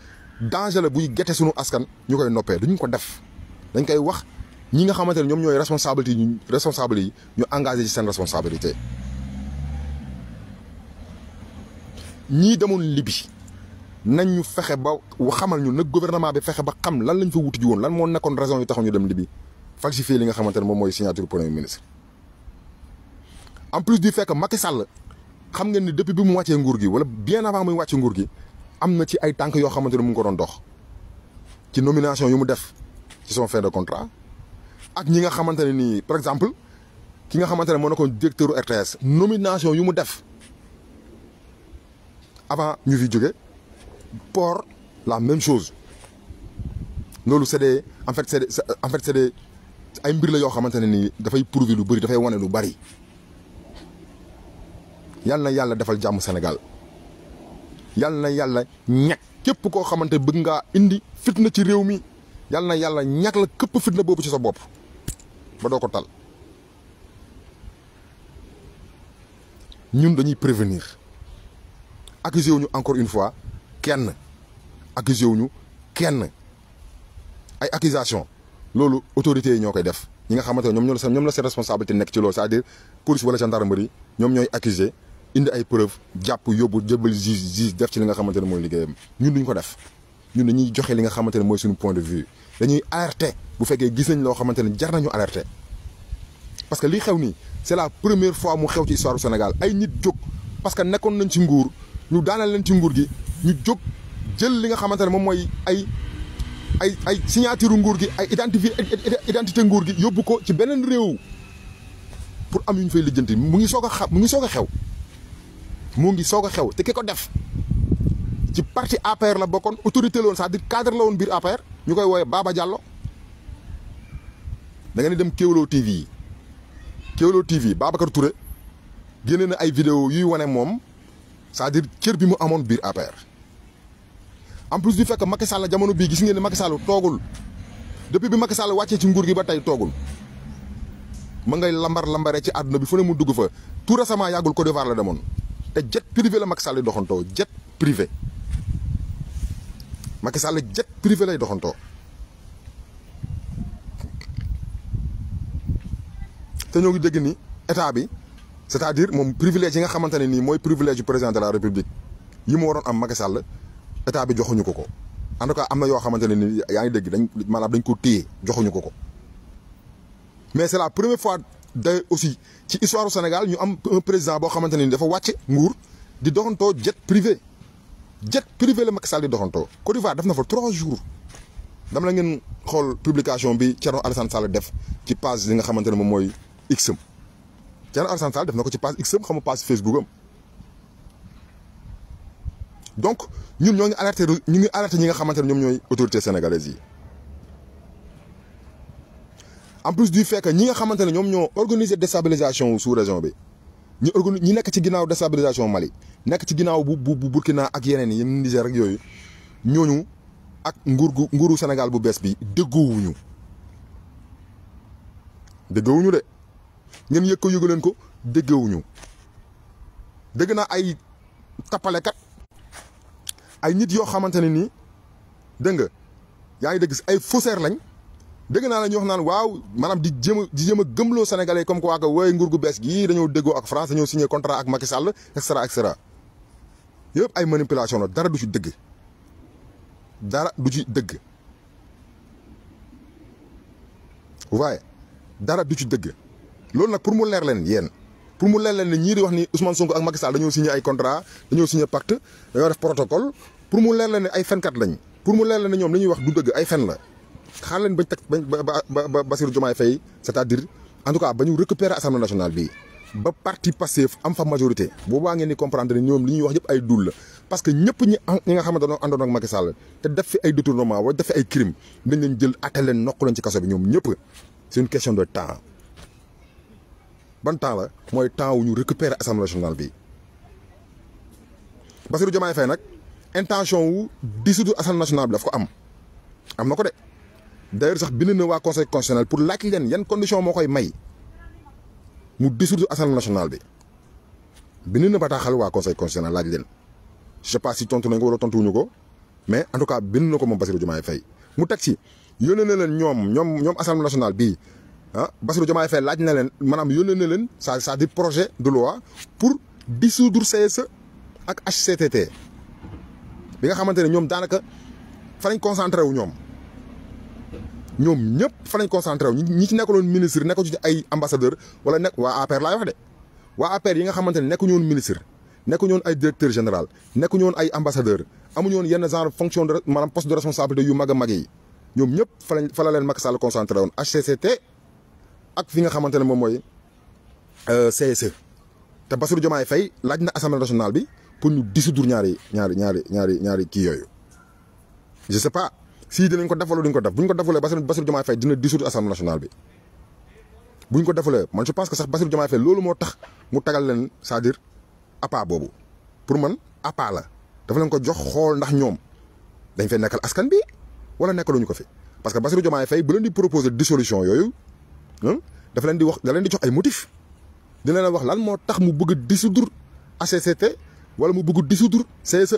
danger la buy gete suñu askan ñu koy noppee duñ ko def dañ koy wax ñi nga xamante ne ñoom ñooy responsabilité ñu responsable yi ñu engagé ci seen responsabilité ñii demoon libi nañ ñu fexe ba xamal ñu na gouvernement bi fexe ba xam lan lañ fa wuti woon lan moo nekkoon raison yu taxaw ñu dem libi falsifié li nga xamante ne moom mooy signature premier ministre en plus du fait que Macky Sall xam ngeen ni depuis bi mu wàccee wala bien avant muy wàcce nguur amna ci ay tank yo xamanteni ne mu ngi ko doon dox ci nomination yu mu def ci son fin de contrat ak ñi nga xamanteni ni par exemple ki nga xamanteni ne directeur RTS nomination yu mu def avant ñu fi jóge pour la même chose loolu c'est des en fait c'est en fait c'est des ay mbir la yoo ni ne nii dafay prouver lu da fay wane lu bari yal yalla defal jamm Sénégal yal yalla ñak ñekk képp koo xamante bëgg nga indi fitna ci réew mi yal yalla ñak la képp fitna bobu ci sa bop ba doo ko tal ñun dañuy prévenir accusé wuñu encore une fois kenn accusé wuñu kenn ay accusation lolu autorité ñokay def ñi nga xamanté ñom ñoom ñoo ñom la seen responsabilité nek ci loolu c'est-à-dire police wala gendarmerie ñom ñoy accuser indi ay preuve japp yóbbu djebal juge juge def ci li nga xamantene moy mooy ñun duñ ko def ñun dañuy joxe li nga xamantene moy suñu point de vue dañuy alerter bu fekkee gis nañ lo xamantene ne jar nañu alerter parce que li xew nii c'est la première fois mu xew ci histoire du Sénégal ay nit jóg parce que nekkon nañ ci nguur ñu daanal leen ci nguur gi ñu jóg jël li nga xamantene mom moy ay ay ay signature nguur gi ay identifier identité nguur gi yobbu ko ci benen réew pour am ñu fay lijjanti mu ngi soog xam mu ngi soog xew mungi ngi soog teke xew te kiko def ci parti APR la bokon autorité lone woon c'est-à-dire cadre la woon APR ñukoy koy Baba Diallo da nga ni dem kewlo TV kewlo TV Babacar Touré génne na ay vidéo yu wane mom c'est-à-dire cër bi mu amone bir APR en plus du fait que Macky Sall jamono bi gis ngeen ni Macky Sall togul depuis bi Macky Sall wàccee ci nguur gi ba tay togul ma ngay lambar lambaré ci aduna bi fune mu dugg fa tout récemment yagul Côte d'Ivoire la demone jet privé la Macky Sall doxonto jet privé Macky Sall jet privé lay doxonto te ñoo ngi dégg ni état bi c'est-à-dire mon privilège yi nga xamante ni moy privilège du président de la république yi mo waroon am Macky Sall état bi joxuñu ko ko en tout cas am na yoo xamante ne ngi dégg dañ dañ ko téye joxuñu ko ko mais c'est la première fois day aussi L'histoire histoire du Sénégal nous avons un président qui a dafa nguur di jet privé jet privé la Macky Sall di Côte d'Ivoire il na trois jours la ngeen la publication bi Thierry Alassane Sall def ci page li nga def na Facebook donc nous avons alerté les autorités sénégalaises en plus du fait ñi nga xamante ne ñoom ñoo organiser déstabilisation sous région bi ñu organiser ñi nekk ci ginnaaw déstabilisation Mali nekk ci ginnaaw bu bu Burkina ak yeneen yi yeneen Niger ak yooyu ñooñu ak nguur gu nguuru Sénégal bu bees bi déggoowuñu déggoowuñu de ngeen yëg yëgu leen ko déggoowuñu dégg naa ay tappalekat ay nit yoo xamante ne nii dégg nga yaa ngi dégg ay faussaires lañ. deug na la ñu wax naan waaw manam di jëm di jëm gëmlo sénégalais comme quoi que way nguur gu bees gii dañoo ak France dañu signé contrat ak Macky Sall et cetera et cetera yépp ay manipulation la dara du ci deug dara du ci deug waaye dara du ci deug lool nak pour mu leer leen yeen pour mu leer leen ñi di wax ni Ousmane Sonko ak Macky Sall dañu signé ay contrat dañu signé pacte dañu def protocole pour mu leer len ay fenkat lañ pour mu ñom wax du deug ay fen la. c'est-à-dire en tout cas bañu récupérer nationale bi ba parti passeif am majorité. vous comprendre ne ñom li ñuy wax parce que ñëpp ñi nga ne ak Macky Sall té def fi ay détournement ay crime dañ jël c'est une question de temps temps temps wu ñu récupérer assemblée nationale bi intention dissoudre l'Assemblée nationale bi am d'ailleurs sax bind wa conseil constitutionnel pour y a une condition may dissoudre nationale bi na conseil constitutionnel len je sais pas si vous avez wala mais en tout cas bind ko fay mu taxi na nationale bi hein fay na len manam yone ça ça projet de loi pour dissoudre e ak ñom ñëpp fa lañ concentré wu ñi ci nekkaloon ministre nekk ci ay ambassadeur wala nekk wa APR laay wax dé wa APR yi nga xamanteni nekk ñu won ministre ñu won ay directeur général ñu won ay ambassadeur ñu won yenn genre fonction de manam poste de responsabilité yu mag mag yi fa lañ fa la leen Macky Sall concentré woon HCCT ak fi nga xamanteni mom moy euh CSE te Bassirou Diomaye Fay laaj na assemblée nationale bi pour ñu dissoudre ñaari ñaari ñaari ñaari ñaari kii yooyu je sais pas si dinañ ko def wala duñ ko daf buñ ko defulee basir basir Diomaye fay dina dissoudre assemblée nationale bi buñ ko defulee man je pense que sax basir Diomaye fay lolu mo tax mu tagal len c'est-à-dire apa bobu pour man apa la dafa len ko jox xol ndax ñom dañ fay nekkal askan bi wala nekkaluñu ko fi parce que basir Diomaye fay bu len di proposer dissolution yooyu dafa len di wax dafa len di jox ay motif dina leen wax lan mo tax mu bëgg dissoudre acct wala mu bëgg dissoudre CSE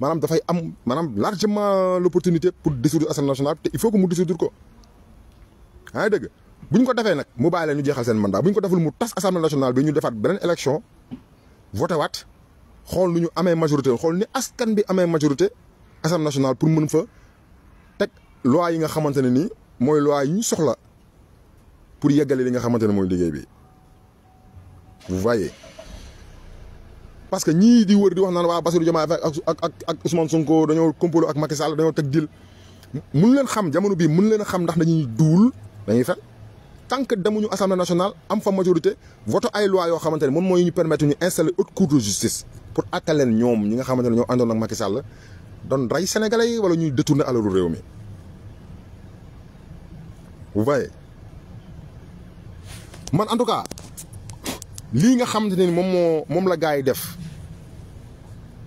da fay am manam largement l'opportunité pour dissoudre l'Assemblée nationale te il faut que mu dissoudre ko. hay deug buñ ko défé nak mu bàyyi leen ñu jéxal sen mandat buñ ko déful mu tas assemblée nationale bi ñu défat benen élection voté wat xol nu ñu amee majorité xol ni askan bi amé majorité assemblée nationale pour mën fa teg loi yi nga xamanténi ni moy loi yi ñu soxla pour yégalé li nga xamanténi moy liggéey bi vous voyez parce que ñi di wër di wax naan waa Bassirou jamaa ak ak ak Ousmane Sonko dañoo complot ak Macky Sall dañoo tek dil mun leen xam jamono bi mun leen xam ndax dañuy doul dañuy fa tant que demuñu assemblée nationale am fa majorité vote ay loi yo xamante ne moy ñu permettre ñu installer haute cour de justice pour atalen ñom ñi nga xamante ne ñoo àndoon ak Macky Sall don ray sénégalais wala ñuy détourner alalu réew mi. vous voyez man en tout cas lii nga xamante ni moom moo moom la gars yi def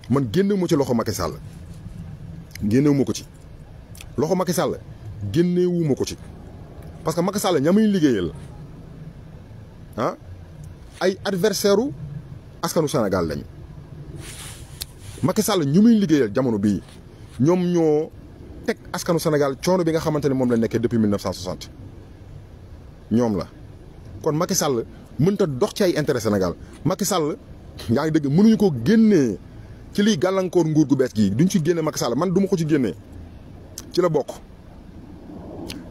man génne mu ci loxo Macky Sall ko ci loxo Macky Sall génnewu ko ci parce que Macky Sall ñamuy liggéeyal ah ay adversaire u askanu Sénégal lañu Macky Sall ñu muy liggéeyal jamono bii ñoom ñoo teg askanu senegal coono bi nga xamante ne moom la nekkee depuis 1960 ñoom la kon Macky mënta dox ci ay intérêt Sénégal Macky Sall yaa ngi dëgg mënuñu ko génnee ci liy gàllankoor nguur gu bees gii duñ ci génne Macky Sall man duma ma ko ci génnee ci la bokk.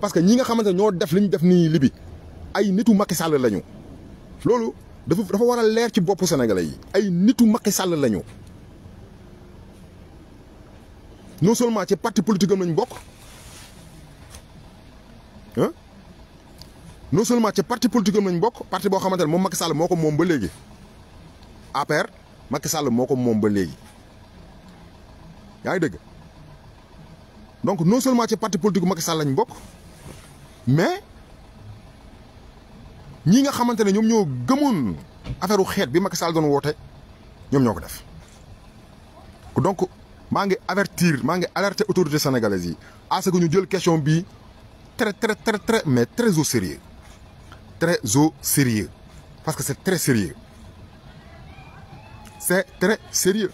parce que ñi nga xamante ne ñoo def li ñu def nii libi ay nit nitu Macky Sall lañu loolu dafa dafa war a leer ci boppu sénégalais yi ay nit nitu Macky Sall lañu non seulement ci parti politique am lañ bokk ah non seulement ci parti politique parti bo xamantene ne moom Macky Sall moko mom ba légui APR Macky donc non seulement ci parti politique Macky Sall mais ñi nga xamantene ne ñoo affaireu bi Macky donc avertir autour alerter autorités à ce que question très très très très mais très au sérieux très au sérieux. Parce que c'est très sérieux. C'est très sérieux.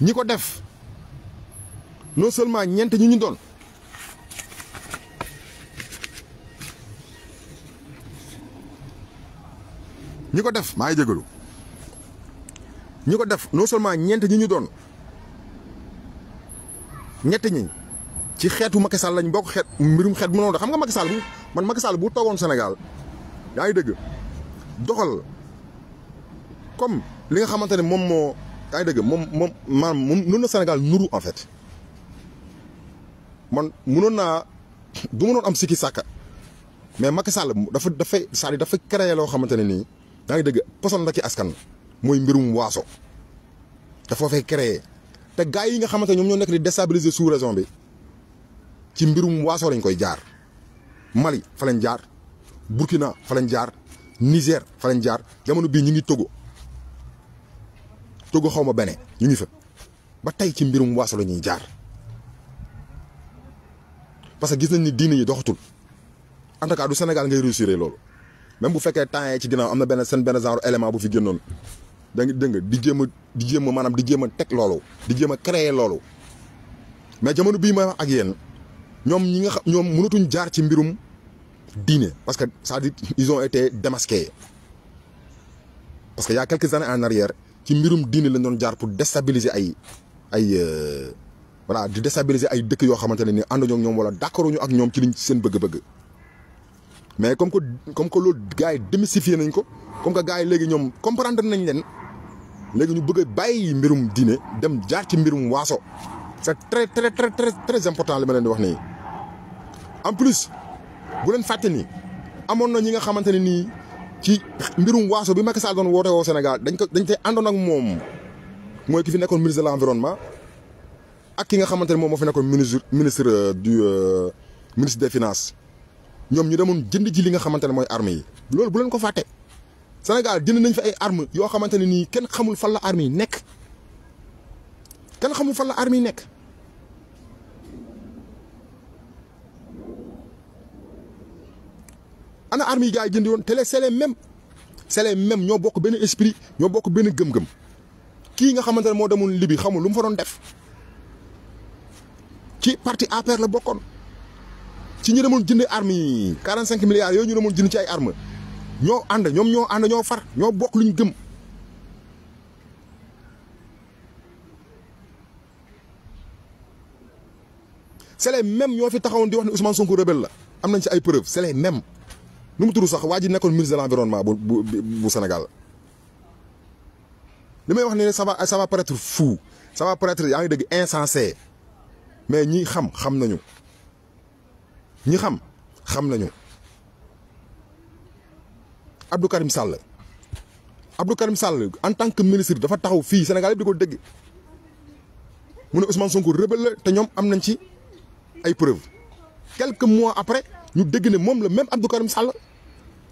ñi def non seulement niente ñi ñu doon ñi def maa ngi def non seulement niente ñi ñu doon Nous ñi ci xeetu Macky Sall lañ bokk xeet mbirum xeet bu noonu xam nga Macky Sall bu man Macky Sall bu toogoon Sénégal yaa ngi dëgg doxal comme li nga xamante ne moom moo yaa moom moom maanaam moom noonu la Sénégal en fait man munoon naa du ma doon am sikki sàkka mais Macky Sall dafa dafay saa dafa créé loo xamante ne nii yaa ngi dëgg poson la ci askan mooy mbirum waaso dafa fay créé te gaa yi nga xamante ne ñoom ñoo nekk di déstabiliser sous-région bi. ci mbirum waaso lañ koy jaar Mali fa lañ jaar Burkina fa lañ jaar Niger fa lañ jaar jamono bii ñu ngi Togo Togo xaw ma bene ñu ngi fa ba tey ci mbirum waaso la ñuy jaar parce que gis nañ ni diine yi doxatul en tout cas du ngay réussir loolu même bu fekkee temps yii ci ginnaaw am na benn seen benn genre élément bu fi génnoon da nga dégg nga di jéem a di jéem a maanaam di jéem a teg loolu di jéem a créer loolu mais jamono bii may wax ak yéen. ñoom ñi nga xam ñoom mënatuñ jaar ci mbirum diine parce que ça dit ils ont été démasqués parce que y' a quelques années en arrière ci mbirum diine lañ doon jaar pour déstabiliser ay ay euh, voilà di déstabiliser ay deuk yo xamanteni ne ni ànduñu ak ñoom wala d'accorduñu ak ñom ci liñ seen bëgg-bëgg mais comme que comme que loolu gars yi démystifié nañ ko comme que gars yi léegi ñoom comprendre nañ len légui ñu bëgg a mbirum diine dem jaar ci mbirum waso c'est très très très très très important le ma leen di wax ni en plus bu leen fàtte ni amoon na ñi nga xamante ne nii ci mbirum waaso bi Macky Sall doon woote woo Sénégal dañ ko dañ tey àndoon ak moom mooy ki fi nekkoon ministre de l'environnement ak ki nga xamante ne moom moo fi nekkoon ministre ministre euh, du euh, ministre des finances ñoom ñu demoon jënd ji li nga xamante ne mooy armes yi. loolu bu leen ko fàtte Sénégal jënd nañ fi ay armes yoo xamante ne nii kenn xamul fan la armes yi nekk kenn xamul fan la armes yi nekk. ana armi c'est les mêmes c'est les mêmes ñoo bokk esprit ñoo bokk ben gëm-gëm nga ne est libi xamul lu mu fa doon def ci parti APR la ci ñi demul jënd armes 45 milliards yo ñu demoon jënd ci ay armes ñoo avez ñom ñoo Vous ñoo far ñoo bokk avez gëm. c'est les mêmes qui fi fait Ousmane Sonko rebelle la am nañ preuves c'est les mêmes. Nous nous tudd que waa ministre de l'environnement au Sénégal Le ça va paraître fou ça va paraître insensé mais nous savons, nous savons. Nous savons, nous savons. Abdou Karim Sall Abdou Karim en tant que ministre dafa taxaw fi Sénégal yëpp di ko Ousmane Sonko rebelle la ci preuves quelques mois après nous avons le même Abdou Karim Sall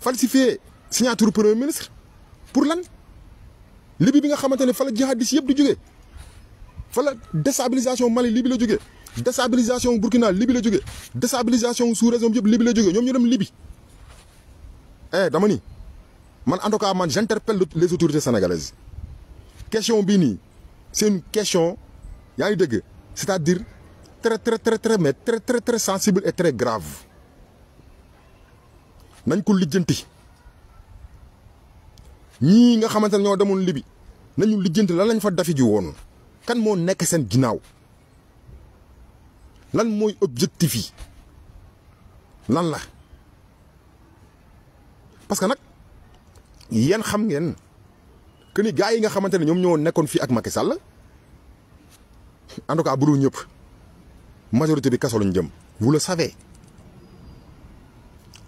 Falsifier signature premier ministre pour lan libi bi nga xamantene ne fa la jihadis yeb du jógee fa la déstabilisation Mali libi la déstabilisation déstabilisation Burkina libi la déstabilisation sous raison, yeb libi la jógee ñom ñu dem libi eh dama ni man en tout j'interpelle les autorités sénégalaises question bi c'est une question yaa deug c'est-à-dire très très très très mais très très très sensible et très grave nañ ko lijjanti ñii nga xamante ne ñoo demoon libi nañu lijjanti lan lañ fa dafi ji woon kan moo nekk seen ginnaaw lan mooy objectif yi lan la parce que nag yéen xam ngeen que ni gars yi nga xamante ne ñoom ñoo nekkoon fii ak Macky Sall en tout cas bu dul ñëpp majorité bi kaso lañ jëm vous le savez.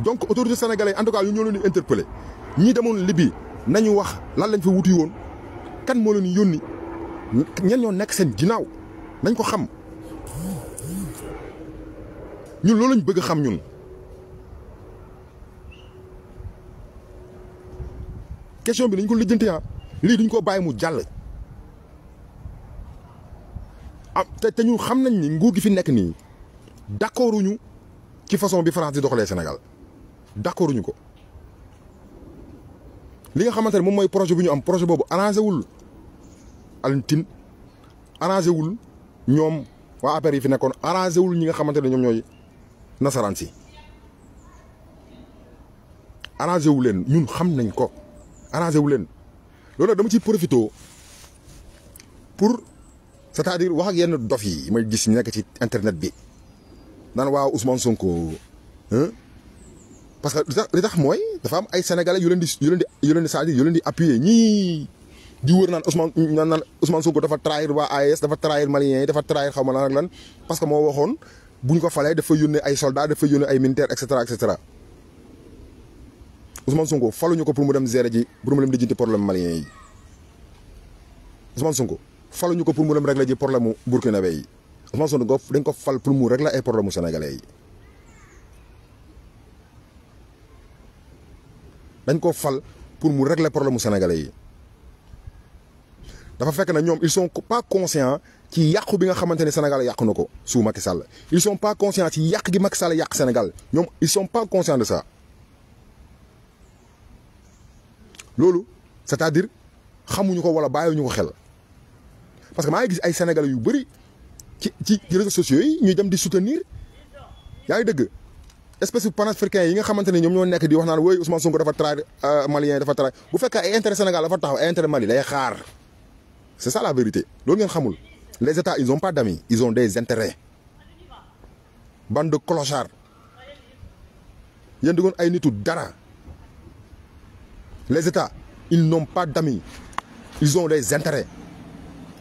donc autorités sénégalaises en tout cas yu ñoo leen di ñii demoon Libye nañu wax lan lañ fa wuti woon kan moo leen yónni ñen ñoo nekk seen ginnaaw nañ ko xam ñun loolu lañ bëgg xam ñun. question bi dañ ko lijjanti ah lii duñ ko bàyyi mu jàll. ah te te ñu xam nañ ni nguur gi fi nekk nii d'accorduñu ci façon bi France di doxalee Sénégal. d'accord ñu ko li nga xamante ne moom mooy projet bu ñu am projet boobu arrangé wul Alioune arrangé wul ñoom waa APR yi fi nekkoon arrangé wul ñi nga xamante ne ñoom ñooy nasaraan si arrangé wu leen ñun xam nañ ko arrangé wu leen loolu dama ci profité pour c'est-à-dire wax ak yenn dof yi may gis ñu nekk ci internet bi naan waaw Ousmane Sonko parce que li tax mooy dafa am ay sénégalais yu leen di yu leen leen di saa yu leen ñii di wër naan Ousmane naan naan Ousmane Sonko dafa trahir waa AES dafa trahir maliens yi dafa trahir xaw ma lan ak lan parce que moo waxoon bu ñu ko falee dafa yónnee ay soldats dafa yónnee ay militaires et cetera et cetera Ousmane Sonko faluñu ko pour mu dem gérer ji pour mu dem lijjanti problème maliens yi Ousmane Sonko faluñu ko pour mu dem régler ji problème mu burkinabé yi Ousmane Sonko fal pour mu régler ay problème mu yi. dañ ko fal pour mu régler problème sénégalais yi dafa fekk na ñom ils sont pas conscients ci yaq bi nga xamanteni Sénégal yaq nako ko sous Macky Sall ils sont pas conscients ci yaq gi Macky Sall Sénégal ñom ils sont pas conscients de ça lolu c'est-à-dire xamuñu ko wala bayuñu ko xel parce que maa ngi gis ay sénégalais yu bris ci ci réseaux sociaux yi ñuy dem di soutenir yaa deug espèce panafricain yi nga xamante ne ñoo nekk di wax naan woy Ousmane Sonko dafa trahi euh, malien dafa trahi bu fekk ay intérêt Sénégal dafa taxaw ay intérêt Mali lay xaar c'est ça la vérité loolu ngeen xamul les états ils ont pas d'amis ils ont des intérêts bande de clochards yéen di ay nitu dara les états ils n'ont pas d'amis ils ont des intérêts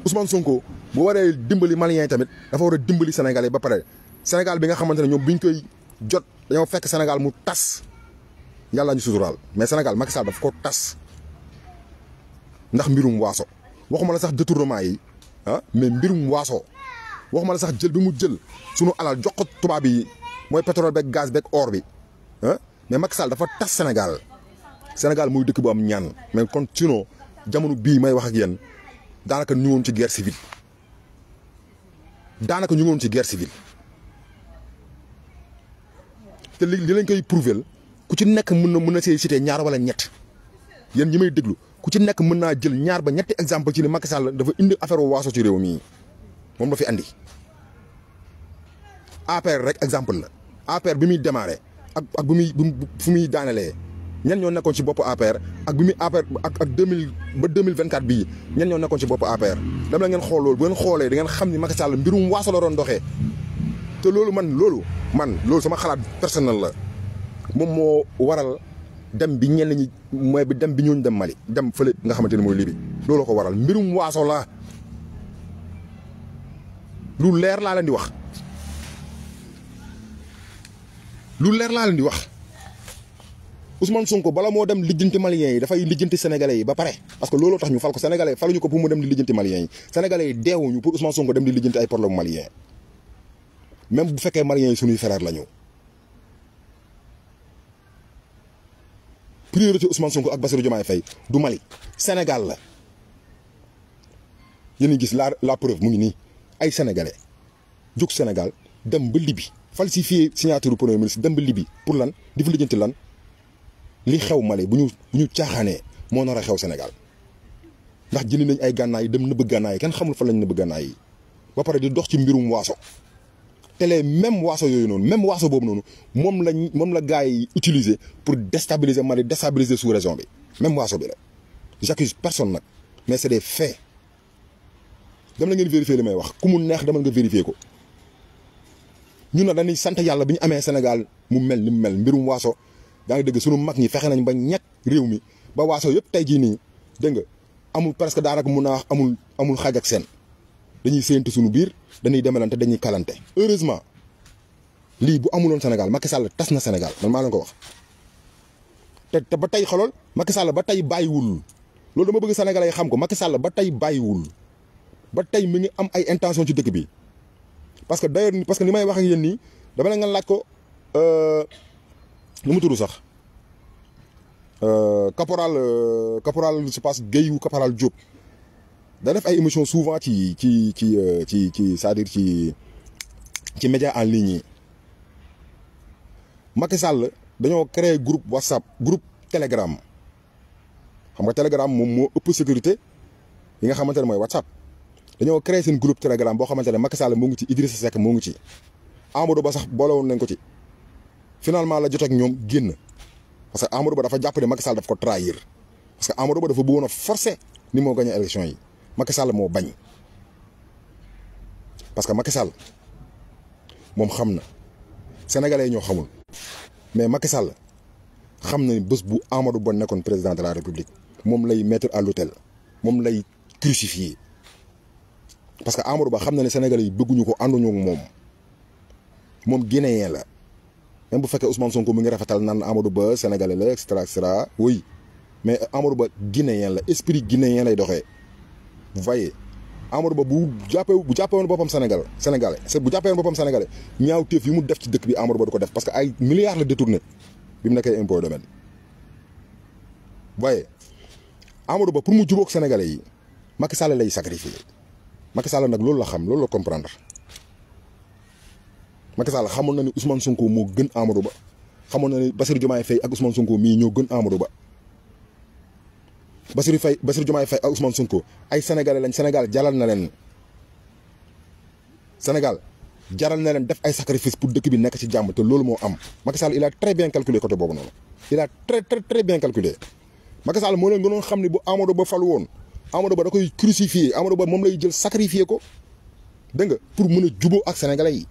Ousmane Sonko bu waré dimbali malien tamit dafa war dimbali sénégalais ba paré Sénégal bi nga xamante ñom buñ koy jot dañu fekk Sénégal mu tas yalla ñu sutural mais Sénégal Macky Sall daf ko tas ndax mbirum waso waxuma la sax détournement yi ah mais mbirum waso waxuma la sax jël bi mu jël suñu alal jox ko tuba bi moy pétrole bek gaz bek or bi ah mais Macky Sall dafa tas Sénégal Sénégal moy dëkk bu am ñaan mais kon no jamono bi may wax ak yeen danaka ñu won ci guerre civile danaka ñu won ci guerre civile. te li li lañ koy prouver ku ci nekk mën na mën na see cité ñaar wala ñett yéen ñu may déglu ku ci nekk mën naa jël ñaar ba ñetti exemple ci ni Macky la dafa indi affaire waaso ci réew mii moom la fi andi. APR rek exemple la APR bi muy demaare ak ak bi muy fu muy daanelee ñan ñoo nekkoon ci bopp APR ak bi muy APR ak ak deux mille ba deux mille vingt quatre bii ñan ñoo nekkoon ci bopp APR. dama la ngeen xool loolu bu ngeen xoolee dangeen xam ni Macky Sall mbirum waaso la doxee. te lolu man lolu man lolu sama xalaat personnel la mom mo waral dem bi ñen ñi moy bi dem bi ñu dem Mali dem fele nga xamanteni moy Libi lolu ko waral mbirum waaso la lu leer la leen di wax lu leer la leen di wax Ousmane Sonko bala mo dem lijjanti malien yi fay lijjanti sénégalais yi ba paré parce que lolo tax ñu fal ko sénégalais faluñu ko bu mu dem di malien yi sénégalais yi déwuñu pour Ousmane Sonko dem di ay problème malien même bu fekkee maliens yi suñuy frères la priorité Ousmane Sonko ak Bassirou Diomaye Faye du Mali Sénégal la yéne gis la la preuve mu ngi sénégalais Sénégal dem ba Libye falsifier signature du premier ministre dem pour lan di lan li xew Sénégal ndax nañ ay dem xamul fa lañ télé même waaso yooyu non même waaso boobu non mom la mom la gars utiliser pour déstabiliser Mali déstabiliser sous région bi même waaso bi la j'accuse personne nak mais c'est des faits dem la ngeen vérifier li may wax ku mu neex dama nga vérifier ko ñu na dañuy sant yalla bi amé Sénégal mu mel ni mu mel mbirum waaso daa ngi dëgg sunu mag ñi fexé nañ ba ñett réew mi ba waaso yépp tay ji ni deug nga amul presque daanaka mun naa wax amul amul xaaj ak sen dañuy séentu suñu biir dañuy demalante dañuy kalante heureusement libu bu amuloon Sénégal Macky Sall tas na Sénégal man ma la ko wax te te ba tay xolol Macky Sall ba tay bayiwul lolou dama bëgg sénégalais xam ko Macky Sall ba tay bayiwul ba tay mi ngi am ay intention ci dëkk bi parce que d'ailleurs parce que limay wax ak yeen ni dama la nga laaj ko euh, nu sax euh, caporal euh, caporal je caporal Diop da def ay souvent ci ci ci euh, ci ci c'est-à-dire ci ci média en ligne Macky Sall dañoo créer groupe WhatsApp groupe Telegram xam nga Telegram mo mo ëpp sécurité yi nga xamante moy WhatsApp dañoo créer seen groupe Telegram bo xamante Macky Sall mo ngi ci Idrissa Seck mo ngi ci Amadou Ba sax boole nañ ko ci finalement la jot ak ñom génn parce que Amadou Ba dafa jàpp ne Macky Sall daf ko trahir parce que Amadou Ba dafa bëggoon forcer ni mo gagné élection yi. Macky Sall mo bañ parce que Macky Sall mom xamna sénégalais ñoo xamul mais Macky Sall xamna ni bëss bu Amadou Ba nekkoon président de la république mom lay mettre à l'hôtel, mom lay crucifier parce que Amadou Ba xamna ni sénégalais yi bëgguñu ko ànduñu mom mom guinéen la même bu fekké Ousmane Sonko mu ngi rafetal nan Amadou Ba sénégalais la etc etc. oui mais Amadou Ba guinéen la esprit guinéen lay doxé vous voyez Ba bu jàppee bu jàppee woon boppam Sénégal sénégalais bu jàppee woon boppam sénégalais ñaaw téef yi mu def ci dëkk bi Amadou Ba du ko def parce que ay milliards la détourné bi mu nekkee impôt domaine. voyez Amadou Ba pour mu jubóog sénégalais yi Macky Sall lay sacrifié Macky Sall nag loolu la xam loolu la comprendre Macky Sall xamoon na ni Ousmane Sonko moo gën Amadou Ba xamoon na ni Bassirou Diomaye Faye ak Ousmane Sonko mii ñoo gën Amadou Ba. Bassirou Faye Bassirou Diomaye Faye Ousmane Sonko ay sénégalais lañ Sénégal jaral na len Sénégal jaral na len def ay sacrifice pour deuk bi nek ci jamm te lolu mo am Macky Sall il a très bien calculé côté bobu noonu il a très très très bien calculé Macky Sall mo leen gënoon xamni bu Amadou Ba falu won Amadou Ba da koy crucifier Amadou Ba mom lay jël sacrifier ko dégg nga pour mëna djubo ak sénégalais yi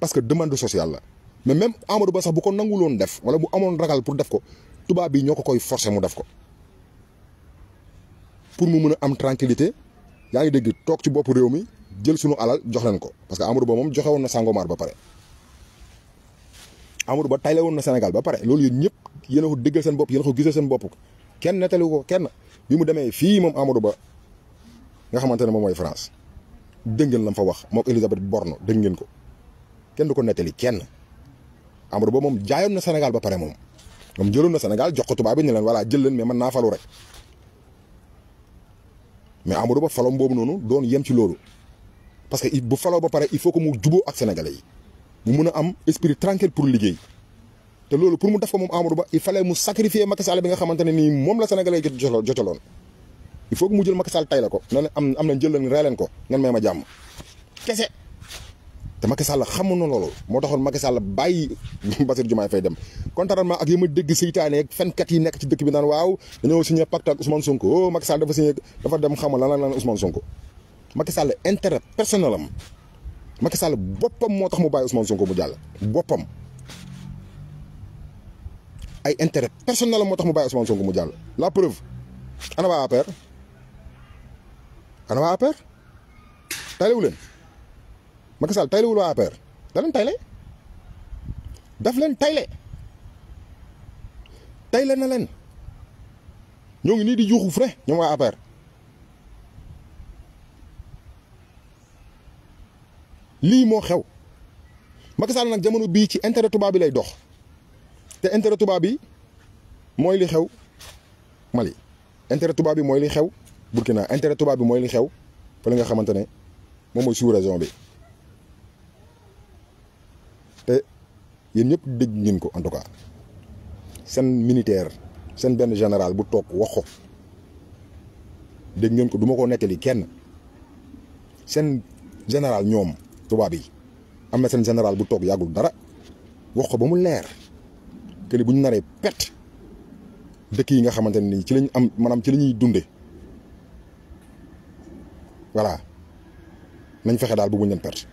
parce que demande sociale la mais même Amadou Ba sax bu ko nanguloon def wala bu amone ragal pour def ko tubaab bi ñoo ko koy forcer mu def ko pour mu mën a am tranquillité yaa ngi dégg toog ci bopp réew mi jël sunu alal jox leen ko parce que amaru Ba moom joxe woon na Sangomar ba pare. Amadou Ba tayle woon na Sénégal ba pare loolu yéen ñëpp yéen a ko déggal seen bopp yéen ko gisal seen bopp kenn nettali ko kenn bi mu demee fii moom Amadou Ba nga xamante ne moom mooy France dégg ngeen la mu fa wax mook Elisabeth Borne ngeen ko kenn du nettali kenn Amadou Ba moom jaayoon na Sénégal ba pare moom. moom jëloon na Sénégal jox ko tubaab bi ne leen voilà jël leen mais mën naa falu rek mais Amadou Ba falom boobu noonu doon yem ci loolu parce que bu faloo ba pare il faut que mu juboo ak sénégalais yi mu mun a am esprit tranquille pour liggéey te loolu pour mu def ko moom Amadou Ba il fallait mu sacrifier Macky bi nga xamante ne nii moom la sénégalais yi jotaloon il faut que mu jël Macky Sall tay la ko ne am am na jël leen ree leen ko ngeen may ma jàmm kese té Macky Sall xamu no lolu mo taxone Macky Sall bayyi Bassir Diomaye fay dem contrairement ak yi ma dégg seytaane ak kat yi nek ci dëkk bi naan waw dañoo signé pacte ak Ousmane Sonko oh Macky Sall dafa signé dafa dem xamal lan lan Ousmane Sonko Macky Sall intérêt personnelam Macky Sall bopam mo tax mu bayyi Ousmane Sonko mu jall bopam ay intérêt personnel mo tax mu bàyyi Ousmane Sonko mu jall la preuve ana waa APR e ana waa APR e talewu leen Macky Sall tayle wul waa APR leen tayle daf leen tayle tayle na leen ñoo ngi nii di juuxu frais ñoom waa APR lii moo xew Macky Sall nag jamono bii ci intérêt tubaab bi lay dox te intérêt tubaab bi mooy li xew Mali intérêt tubaab bi mooy li xew Burkina intérêt tubaab bi mooy li xew fa li nga xamante ne moom mooy sous-région bi yéen ñëpp dégg ngeen ko en tout cas seen militaire seen benn général bu toog wax ko dégg ngeen ko du ma ko nettali kenn seen général ñoom tubaab yi am na seen général bu toog yàggul dara wax ko ba mu leer que ni bu ñu naree pet dëkk yi nga xamante ne nii ci lañ am maanaam ci la ñuy dunde voilà nañ fexe daal bu mu leen perte.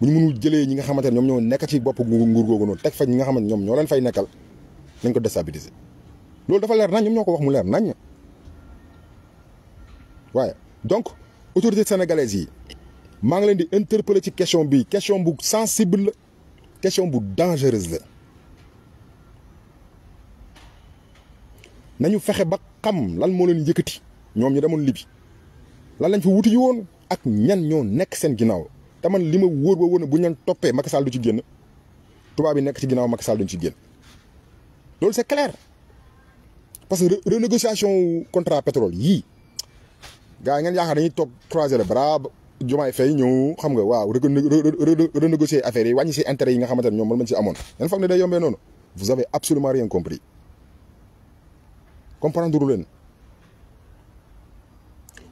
bu ñu mënul jëlee ñi nga xamante ne ñoom ñoo nekk ci bopp nguur googu noonu teg fa ñi nga xamante ñoom ñoo leen fay nekkal nañ ko déstabiliser loolu dafa leer nañ ñoom ñoo ko wax mu leer nañ waaye donc autorité sénégalaise yi maa ngi leen di interpeller ci question bi question bu sensible la question bu dangereuse la nañu fexe ba xam lan moo leen yëkkati ñoom ñu demoon libi lan lañ fi wuti ji woon ak ñan ñoo nekk seen ginnaaw te man li ma wóor ba wóor bu ñu leen toppee Macky Sall du ci génn tubaab bi nek ci ginnaaw Macky Sall duñ ci génn loolu c'est clair parce que renégociation contrat pétrole yi gaay ngeen yaaka dañuy toog croiser le bras jumaay fay ñëw xam nga waaw renégocier affaire yi wàññi ci intérêt yi nga xamante ñom mën man mañ si amoon yan ne day yombé noonu vous avez absolument rien compris comprendre len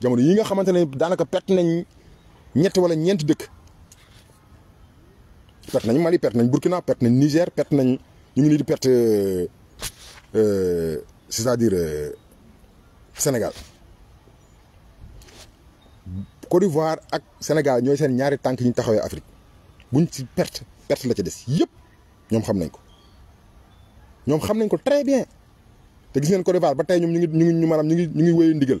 jamono yi nga xamante ne daanaka perte nañ ñetti wala ñeenti dëkk perte nañ Mali perte nañ Burkina perte nañ Niger perte nañ ñu ngi nii di perte euh, euh, c'est-à-dire euh, Sénégal Côte ak Sénégal ñooy seen ñaari tànk ñu taxawee Afrique buñ ci perte perte la ca des yëpp ñoom xam nañ ko ñoom xam nañ ko très bien te gis ngeen Côte d'Ivoire ba tey ñu ngi ñu ngi ñu maanaam ngi ñu ngi wéy ndigal.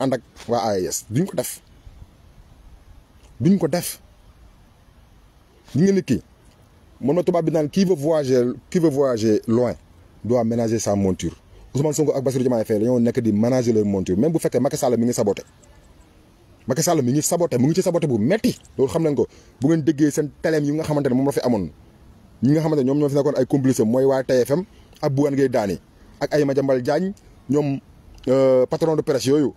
ànd ak waa AES duñ ko def duñ ko def ñu ngi ni kii man ma tubaab bi naan qui veut voyager qui veut voyager loin doit ménager sa monture Ousmane Sonko ak Bassirou Diomaye Faye dañoo nekk di ménager leur monture même bu fekkee Macky Sall mi ngi saboté Macky Sall mi ngi saboté mu ngi ci saboté bu metti loolu xam nañ ko bu ngeen déggee seen teleem yi nga xamante ne moom la fi amoon ñi nga xamante ne ñoom ñoo fi nekkoon ay complice mooy waa TFM ak Bougane Gueye Dany ak ay Madiambal Diagne ñoom euh, patron de presse yooyu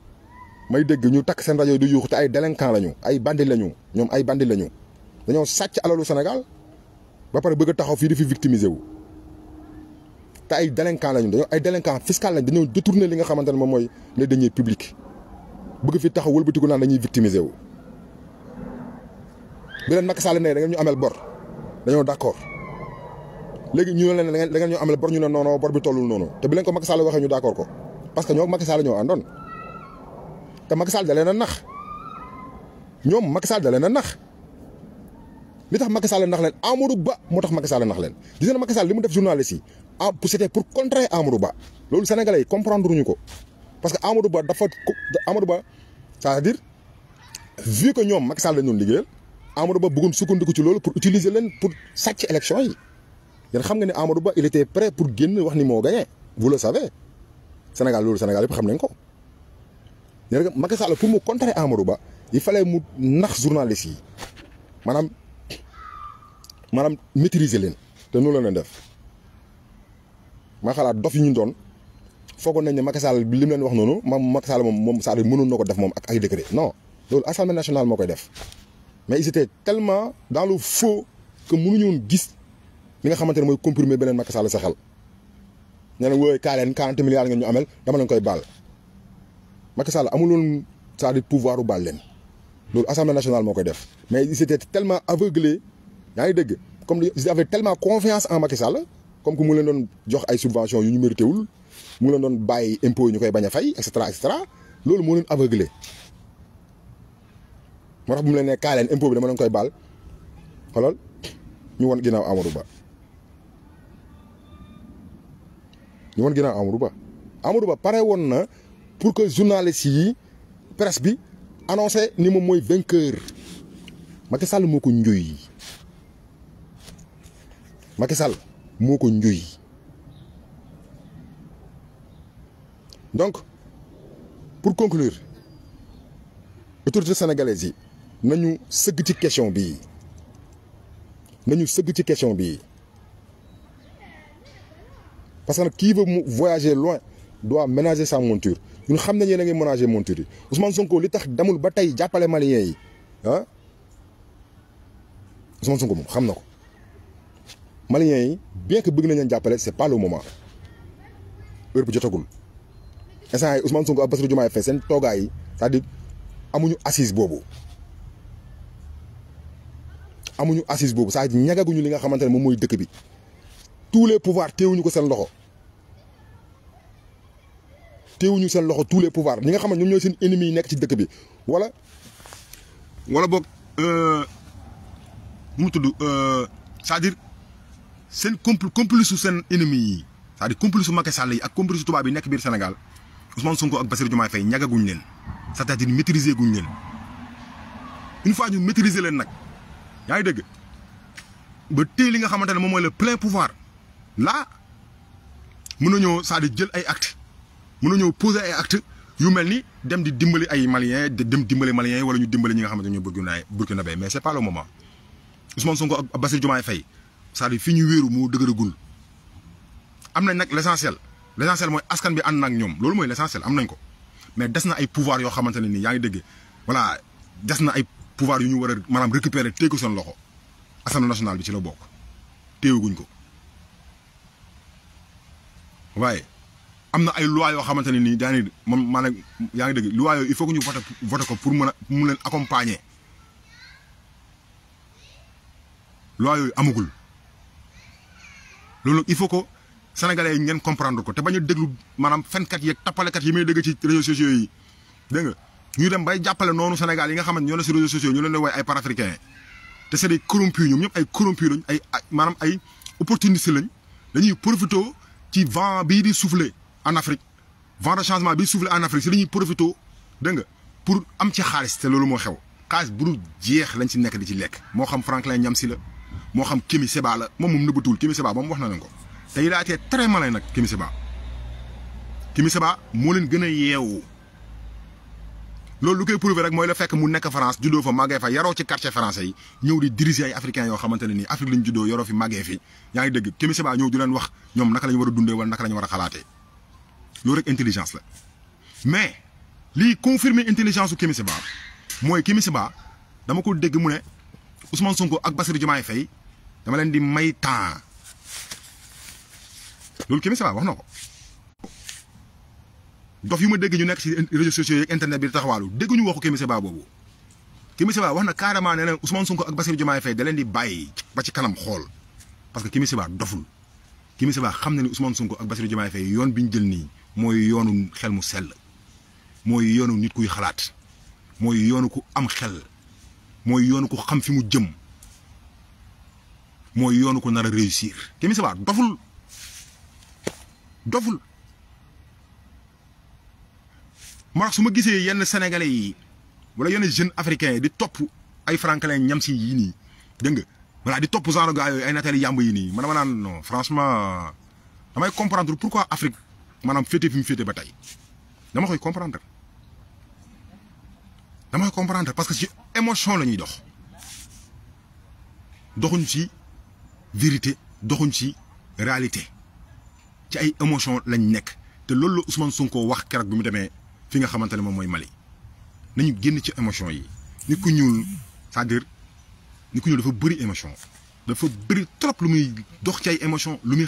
may dégg ñu takk seen rajo di yuuxu te ay délinquant lañu ay bandi lañu ñoom ay bandi lañu dañoo sàcc alalu Sénégal ba pare bëgg taxaw fii di fi victimiser wu. te ay délinquant lañu dañoo ay délinquant fiscal lañ dañoo détourné li nga xamante ne moom mooy les deniers publics bëgg fi taxaw wëlbatiku naan dañuy victimiser wu. bi leen Macky Sall ne ñu amel bor dañoo d'accord léegi ñu ne leen da ngeen ñu amel bor ñu la noonu bor bi tollul noonu te bi leen ko Macky waxee ñu d'accord te Macky Sall da nax ñom Macky Sall dalena nax li tax Macky Sall nax len Amadou Ba motax Macky Sall nax len gis na Macky Sall limu def journaliste yi ah c'était pour contrer Amadou Ba loolu sénégalais yi comprendre ñu ko parce que Amadou Ba dafa Amadou Ba c'est-à-dire vu que ñom Macky Sall lañ ligéel Amadou Ba bëggum sukkundi sukkandiku ci loolu pour utiliser len pour sàcc élection yi yeen xam nga ni Amadou Ba il était prêt pour guen wax ni mo gagné vous le savez Sénégal loolu Sénégal yëpp xam nañ ko. nee Macky Sall pour mu contrer il fallait mu nax journaliste yi madame maîtriser leen te noonu la def faut que dof yi ñu le nañ Macky Sall li suis wax non assemblée nationale mais ils étaient tellement dans le faux que mënuñu woon gis que nga je ne comprimer Macky 40 milliards ngeen ñu amel Macky Sall amuloon c'est-à-dire pouvoir au balen, l'assemblée assemblée nationale moo def mais ils étaient tellement aveuglés yaa ngi comme ils avaient tellement confiance en Macky Sall comme que mu donne doon jox ay subventions yu ñu mérité wul mu leen doon impôts yi ñu koy bañ a fay leen aveuglé moo tax bu mu leen nee impôt bi dama leen koy baal xoolal ñu won ginnaaw Amadou Ba ñu won ginnaaw Amadou Ba Amadou Ba pare pour que journalistes la presse bi annoncé ni moom vainqueur Macky Sall un vainqueur. Macky Sall ça ko donc pour conclure autorités sénégalaises yi nañu sëgg ci question nous nañu une ci question parce que qui veut voyager loin doit ménager sa monture ñun xam nañu yéen a ngi ménager Ousmane Sonko li tax damul ba tey jàppale Maliens yi hein Ousmane Sonko moom xam nako ko Maliens yi bien que bëgg nañ leen c'est pas le moment heure bi jotagul instant Ousmane Sonko ak Bassirou Diomaye Faye seen toogaay yi c'est-à-dire amuñu assise bobu amuñu assise boobu saa ñagaguñu li nga xamantene mom moy mooy dëkk bi tous les pouvoirs téewuñu ko sen loxo tous les pouvoirs Nous sommes ne ennemis Voilà. ci dëkk bi wala euh, euh, c'est-à-dire seen un complice su seen ennemis c'est-à-dire complice Sénégal Ousmane Sonko ak Bassirou Diomaye Faye c'est-à-dire maîtriser guñ leen une fois que maîtriser leen nak. ba le plein pouvoir là mën cest à actes. mën nañoo poser ay act yu mel ni dem di dimbali ay maliens dem dimbali maliens yi wala ñu dimbali ñi nga xamante ne ñoo Burkina Burkinabé mais c'est pas le moment Ousmane Sonko ak Bassirou Diomaye Faye cest saa dire fi ñu wéeru moo dëgëragul am nañ nag l'essentiel l'essentiel mooy askan bi ànd na ak ñoom loolu mooy l'essentiel am nañ ko mais des na ay pouvoir yoo xamante ne nii yaa ngi dégg voilà des na ay pouvoir yu ñu war a maanaam récupérer téye ko seen loxo assemblée nationale bi ci la bokk téewaguñ ko amna ay loi yo xamanteni ni nii daa ni moom maanaam yaa ngi loi yo il faut que ñu voter vote ko pour mën a mu leen accompagner loi yo amagul loolu il faut que sénégalais yi comprendre ko té bañu a déglu maanaam fenkat yeeg tappalekat yi may dégg ci réseaux sociaux yi dégg nga ñu dem bay jappalé nonu Sénégal yi nga xamante ñoo ne si réseaux sociaux ñu leen lay woy ay panafricains té c'est des corrompus ñom ñep ay corrompus lañ ay manam ay opportunistes lañ dañuy profité ci vent bi di souffler en Afrique vent de changement bi soufflé en Afrique si la ñuy profité dégg nga pour am ci xaalis xew bu si di ci xam Franklin Nyamsi la moo xam Kémi Séba la moom moom nëbbatuwul Kémi Séba moom wax na Seba, ko te il a été très malin nag Kémi Séba Kémi Séba moo leen gën a yeewu koy prouver rek mooy la fekk mu nekk France il fa màggee fa yaroo ci quartier français yi ñëw di diriger ay africains Ils Afrique fi fi ngi wala intelligence mais lui confirmer intelligence su Kémi Seba moi dama ko Ousmane Sonko ak Bassirou Diomaye Faye dama di may temps ko. dof ma les réseaux sociaux internet bi di taxawaalu dégguñu waxu Ousmane Sonko ak Bassirou Diomaye Faye ba ci kanam parce que Kémi doful Ousmane Sonko mooy yoonu xel mu sell mooy yoonu nit kuy xalaat mooy yoonu ku am xel mooy yoonu ku xam fi mu jëm mooy yoonu ku nar a réussir Kémi Séba doful doful marax su ma gisee yenn sénégalais yi wala yenn jeune africains di topp ay franklin ñam si yii nii dégg nga voilà di topp genre gars ay nataali yàmb yi nii man dama naan non franchement damay comprendre pourquoi Afrique. manam féete fi mu batay ba Je dama koy comprendre dama comprendre parce que c'est émotion la dox doxuñ ci vérité doxuñ ci réalité ci ay émotion lañ veux te loolu Ousmane Sonko wax dire. bi mu le fi nga dire. mom moy Mali nañu génn ci émotion yi ni ku ñuul c'est-à-dire ku ñuul émotion dafa bëri trop lu muy dox ci ay émotion lu muy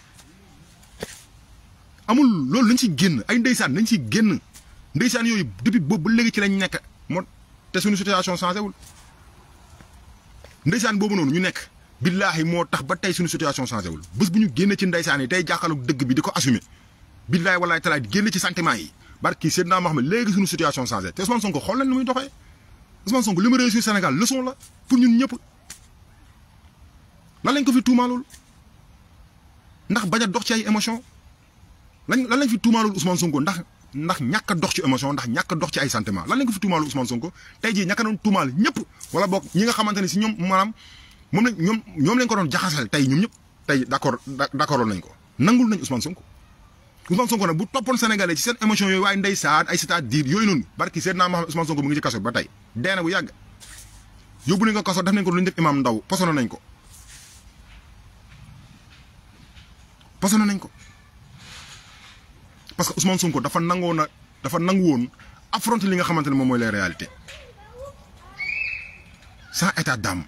amul loolu lañ ci génn ay ndeysaan lañ ci génn ndeysaan yooyu depuis boobu ba ci lañ nekk moo te sunu situation changé wul ndeysaan boobu noonu ñu nekk billaahi moo tax ba tey sunu situation changé wul bés bu ñu génne ci ndeysaan yi tey jàkkaarloog dëgg bi di ko assumer billaahi wallaahi talaay génne ci sentiment yi barki Seydina Mohamed léegi suñu situation changé te Ousmane Sonko xool leen ni muy Sonko li mu réussir Sénégal leçon la pour ñun ñëpp lan lañ ko fi tuumaalul dox ci lañ lan lañ fi tuumaalul Ousmane Sonko ndax ndax ñàkk dox ci émotion ndax ñàkk dox ci ay sentiment lan lañ ko fi tuumaalul Ousmane Sonko tey jii ñàkk doon tuumaal ñëpp wala boog ñi nga xamante ne si ñoom maanaam moom lañ ñoom ñoom lañ ko doon jaxasal tey ñoom ñëpp tey d'accord d'accord nañ ko nangul nañ Ousmane Sonko Ousmane Sonko nag bu toppoon sénégalais ci seen émotion yooyu waaye ndey saat ay c'est-à-dire yooyu noonu barki seet naa ma xam Ousmane Sonko mu ngi ci kaso ba tey dee na bu yàgg nañ ko kaso def nañ ko lu ñu def imam ko posono nañ ko parce que Ousmane Sonko dafa nangona dafa nangu woon affronter li nga mom moy la réalité ça est à dame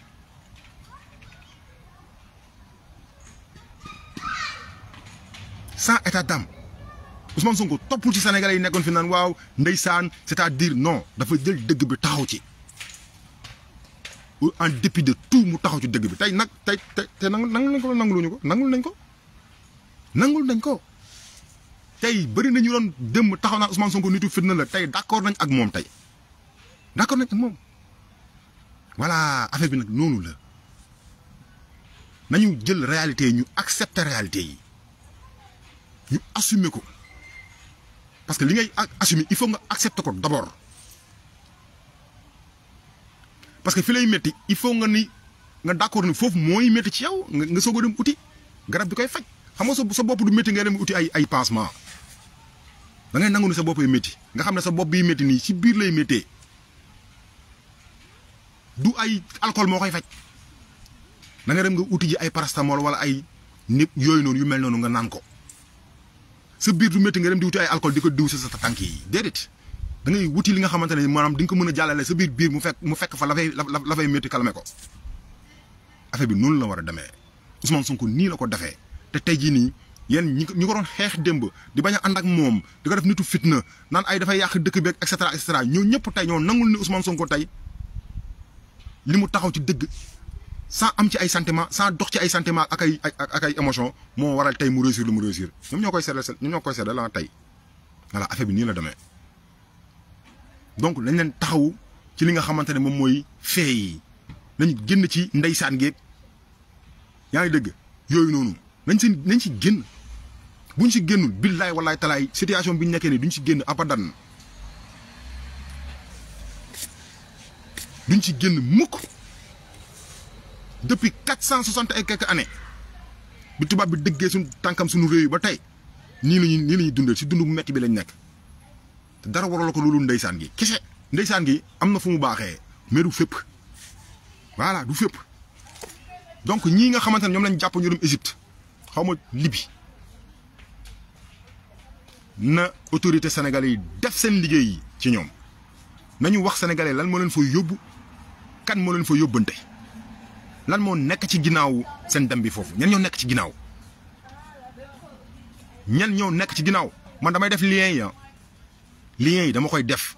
ça est à dame Ousmane Sonko top ci Sénégalais yi nekkone fi nan waw ndeysane c'est-à-dire non dafa jël deug bi taxaw ci en dépit de tout mu taxaw ci deug bi tay nak tay tay tey nangul nañ nangul nanguluñu ko nangul nañ ko nangul nañ ko. tey bëri nañu doon démb taxaw naa Ousmane Sonko nitu fitna la tey d' accord nañ ak moom tey d' accord nañ ak moom voilà affaire bi nag noonu la nañu jël réalité yi ñu accepter réalité yi ñu assumer ko parce que li ngay assumer il faut nga accepter ko d' parce que fi lay métti il faut nga ni nga d' ni foofu mooy métti ci yow nga soog a dem uti garab bi koy faj. xam nga sa sa bopp du métti ngay dem uti ay ay pansement da ngay nangu sa bopp ay métti nga xam ne sa bopp biy métti nii ci biir lay méttee du ay alcool moo koy faj da nga dem nga uti ji ay parastamol wala ay nit yooyu noonu yu mel noonu nga naan ko sa biir du métti nga dem di wuti ay alcool di ko diw si sa tànk yi déedéet da ngay wuti li nga xamante ne maanaam di ko mën a jàllale sa biir biir mu fekk mu fekk fa la fay la fay métti kalame ko affaire bi noonu la war a demee Ousmane Sonko nii la ko defee. te tay ji ni yeen ñi ko doon xex demb di baña and ak mom di ko def nitu fitna nan ay dafa yaq dekk bi ak et cetera et cetera ñoo ñepp tay ñoo nangul ni Ousmane Sonko tay sa taxaw ci deug sans am ci ay sentiment sans dox ci ay sentiment ak ay ak ay émotion mo waral tay mu réussir lu mu réussir ñom ñokoy sédal seddal ñom ñokoy sédal la ah tay wala affaire bi ni la démé donc lañ leen taxaw ci li nga xamantene mom moy fée yi genn ci ndaysan yaay deug nañ si nañ si génn buñ si génnul billaay walaay talaay situation bi ñu nekkee nii duñ si génn abadan duñ si génn mukk depuis quatre cent soixante et quelques années bi tubaab bi dëggee suñu tànkam suñu réew yi ba tey nii la ñuy nii la ñuy dundal dund bu metti bi lañ nekk te dara waral ko loolu ndeysaan gi kese ndeysaan gi am na fu mu baaxee mais fépp voilà du fépp donc ñii nga xamante ne ñoom lañ jàpp ñu dem Égypte. xaw ma libi na autorité sénégalais yi def seen liggéey yi ci ñoom nañu wax sénégalais lan moo leen foo yóbbu kan moo leen fa yóbbante lan moo nekk ci ginnaaw seen dem bi foofu ñan ñoo nekk ci ginnaaw ñan ñoo nekk ci ginnaaw man damay def lien yi ah. lien yi dama koy def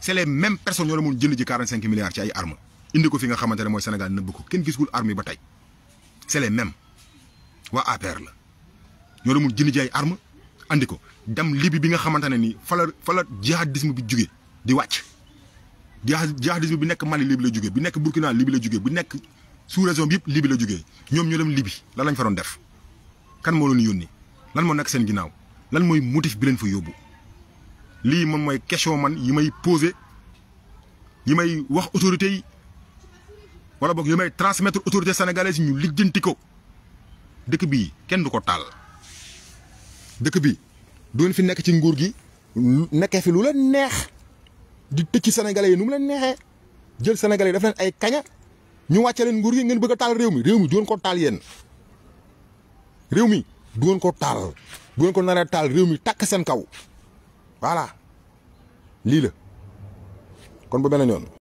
c'est les mêmes personnes ñoo la mun jënd ji 45 milliards ci ay armes indi ko fi nga xamante ne mooy Sénégal nëbb ko kenn gisul armes yi ba tey c'est les waa APR la ñoo la mun jënd ji ay arme andi ko dem libi bi nga xamante ne nii fa la fa la jihadisme bi jóge di wàcc jihadisme bi nekk Mali libi la jugee bi nekk Burkina libi la jugee bi nekk sous région bi yëpp libi la jugee ñoom ñoo dem libi lan lañ fa doon def kan moo leen yónni lan moo nekk seen ginnaaw lan mooy motif bi leen fa yóbbu lii moom mooy question man yi may posé yi may wax autorités yi wala boog yi may transmettre autorités sénégalaises yi ñu lijjanti ko. dëkk bi kenn du ko tàll dëkk bi doon fi nekk ci nguur gi nekkee fi lu la neex di ci sénégalais yi nu mu leen neexee jël sénégalais yi daf leen ay kaña ñu wàcce leen nguur gi ngeen bëgg a taal réew mi réew mi du woon ko réew mi du ko taal du ko naree taal réew mi tàkk seen kaw voilà lii la kon ba beneen yoon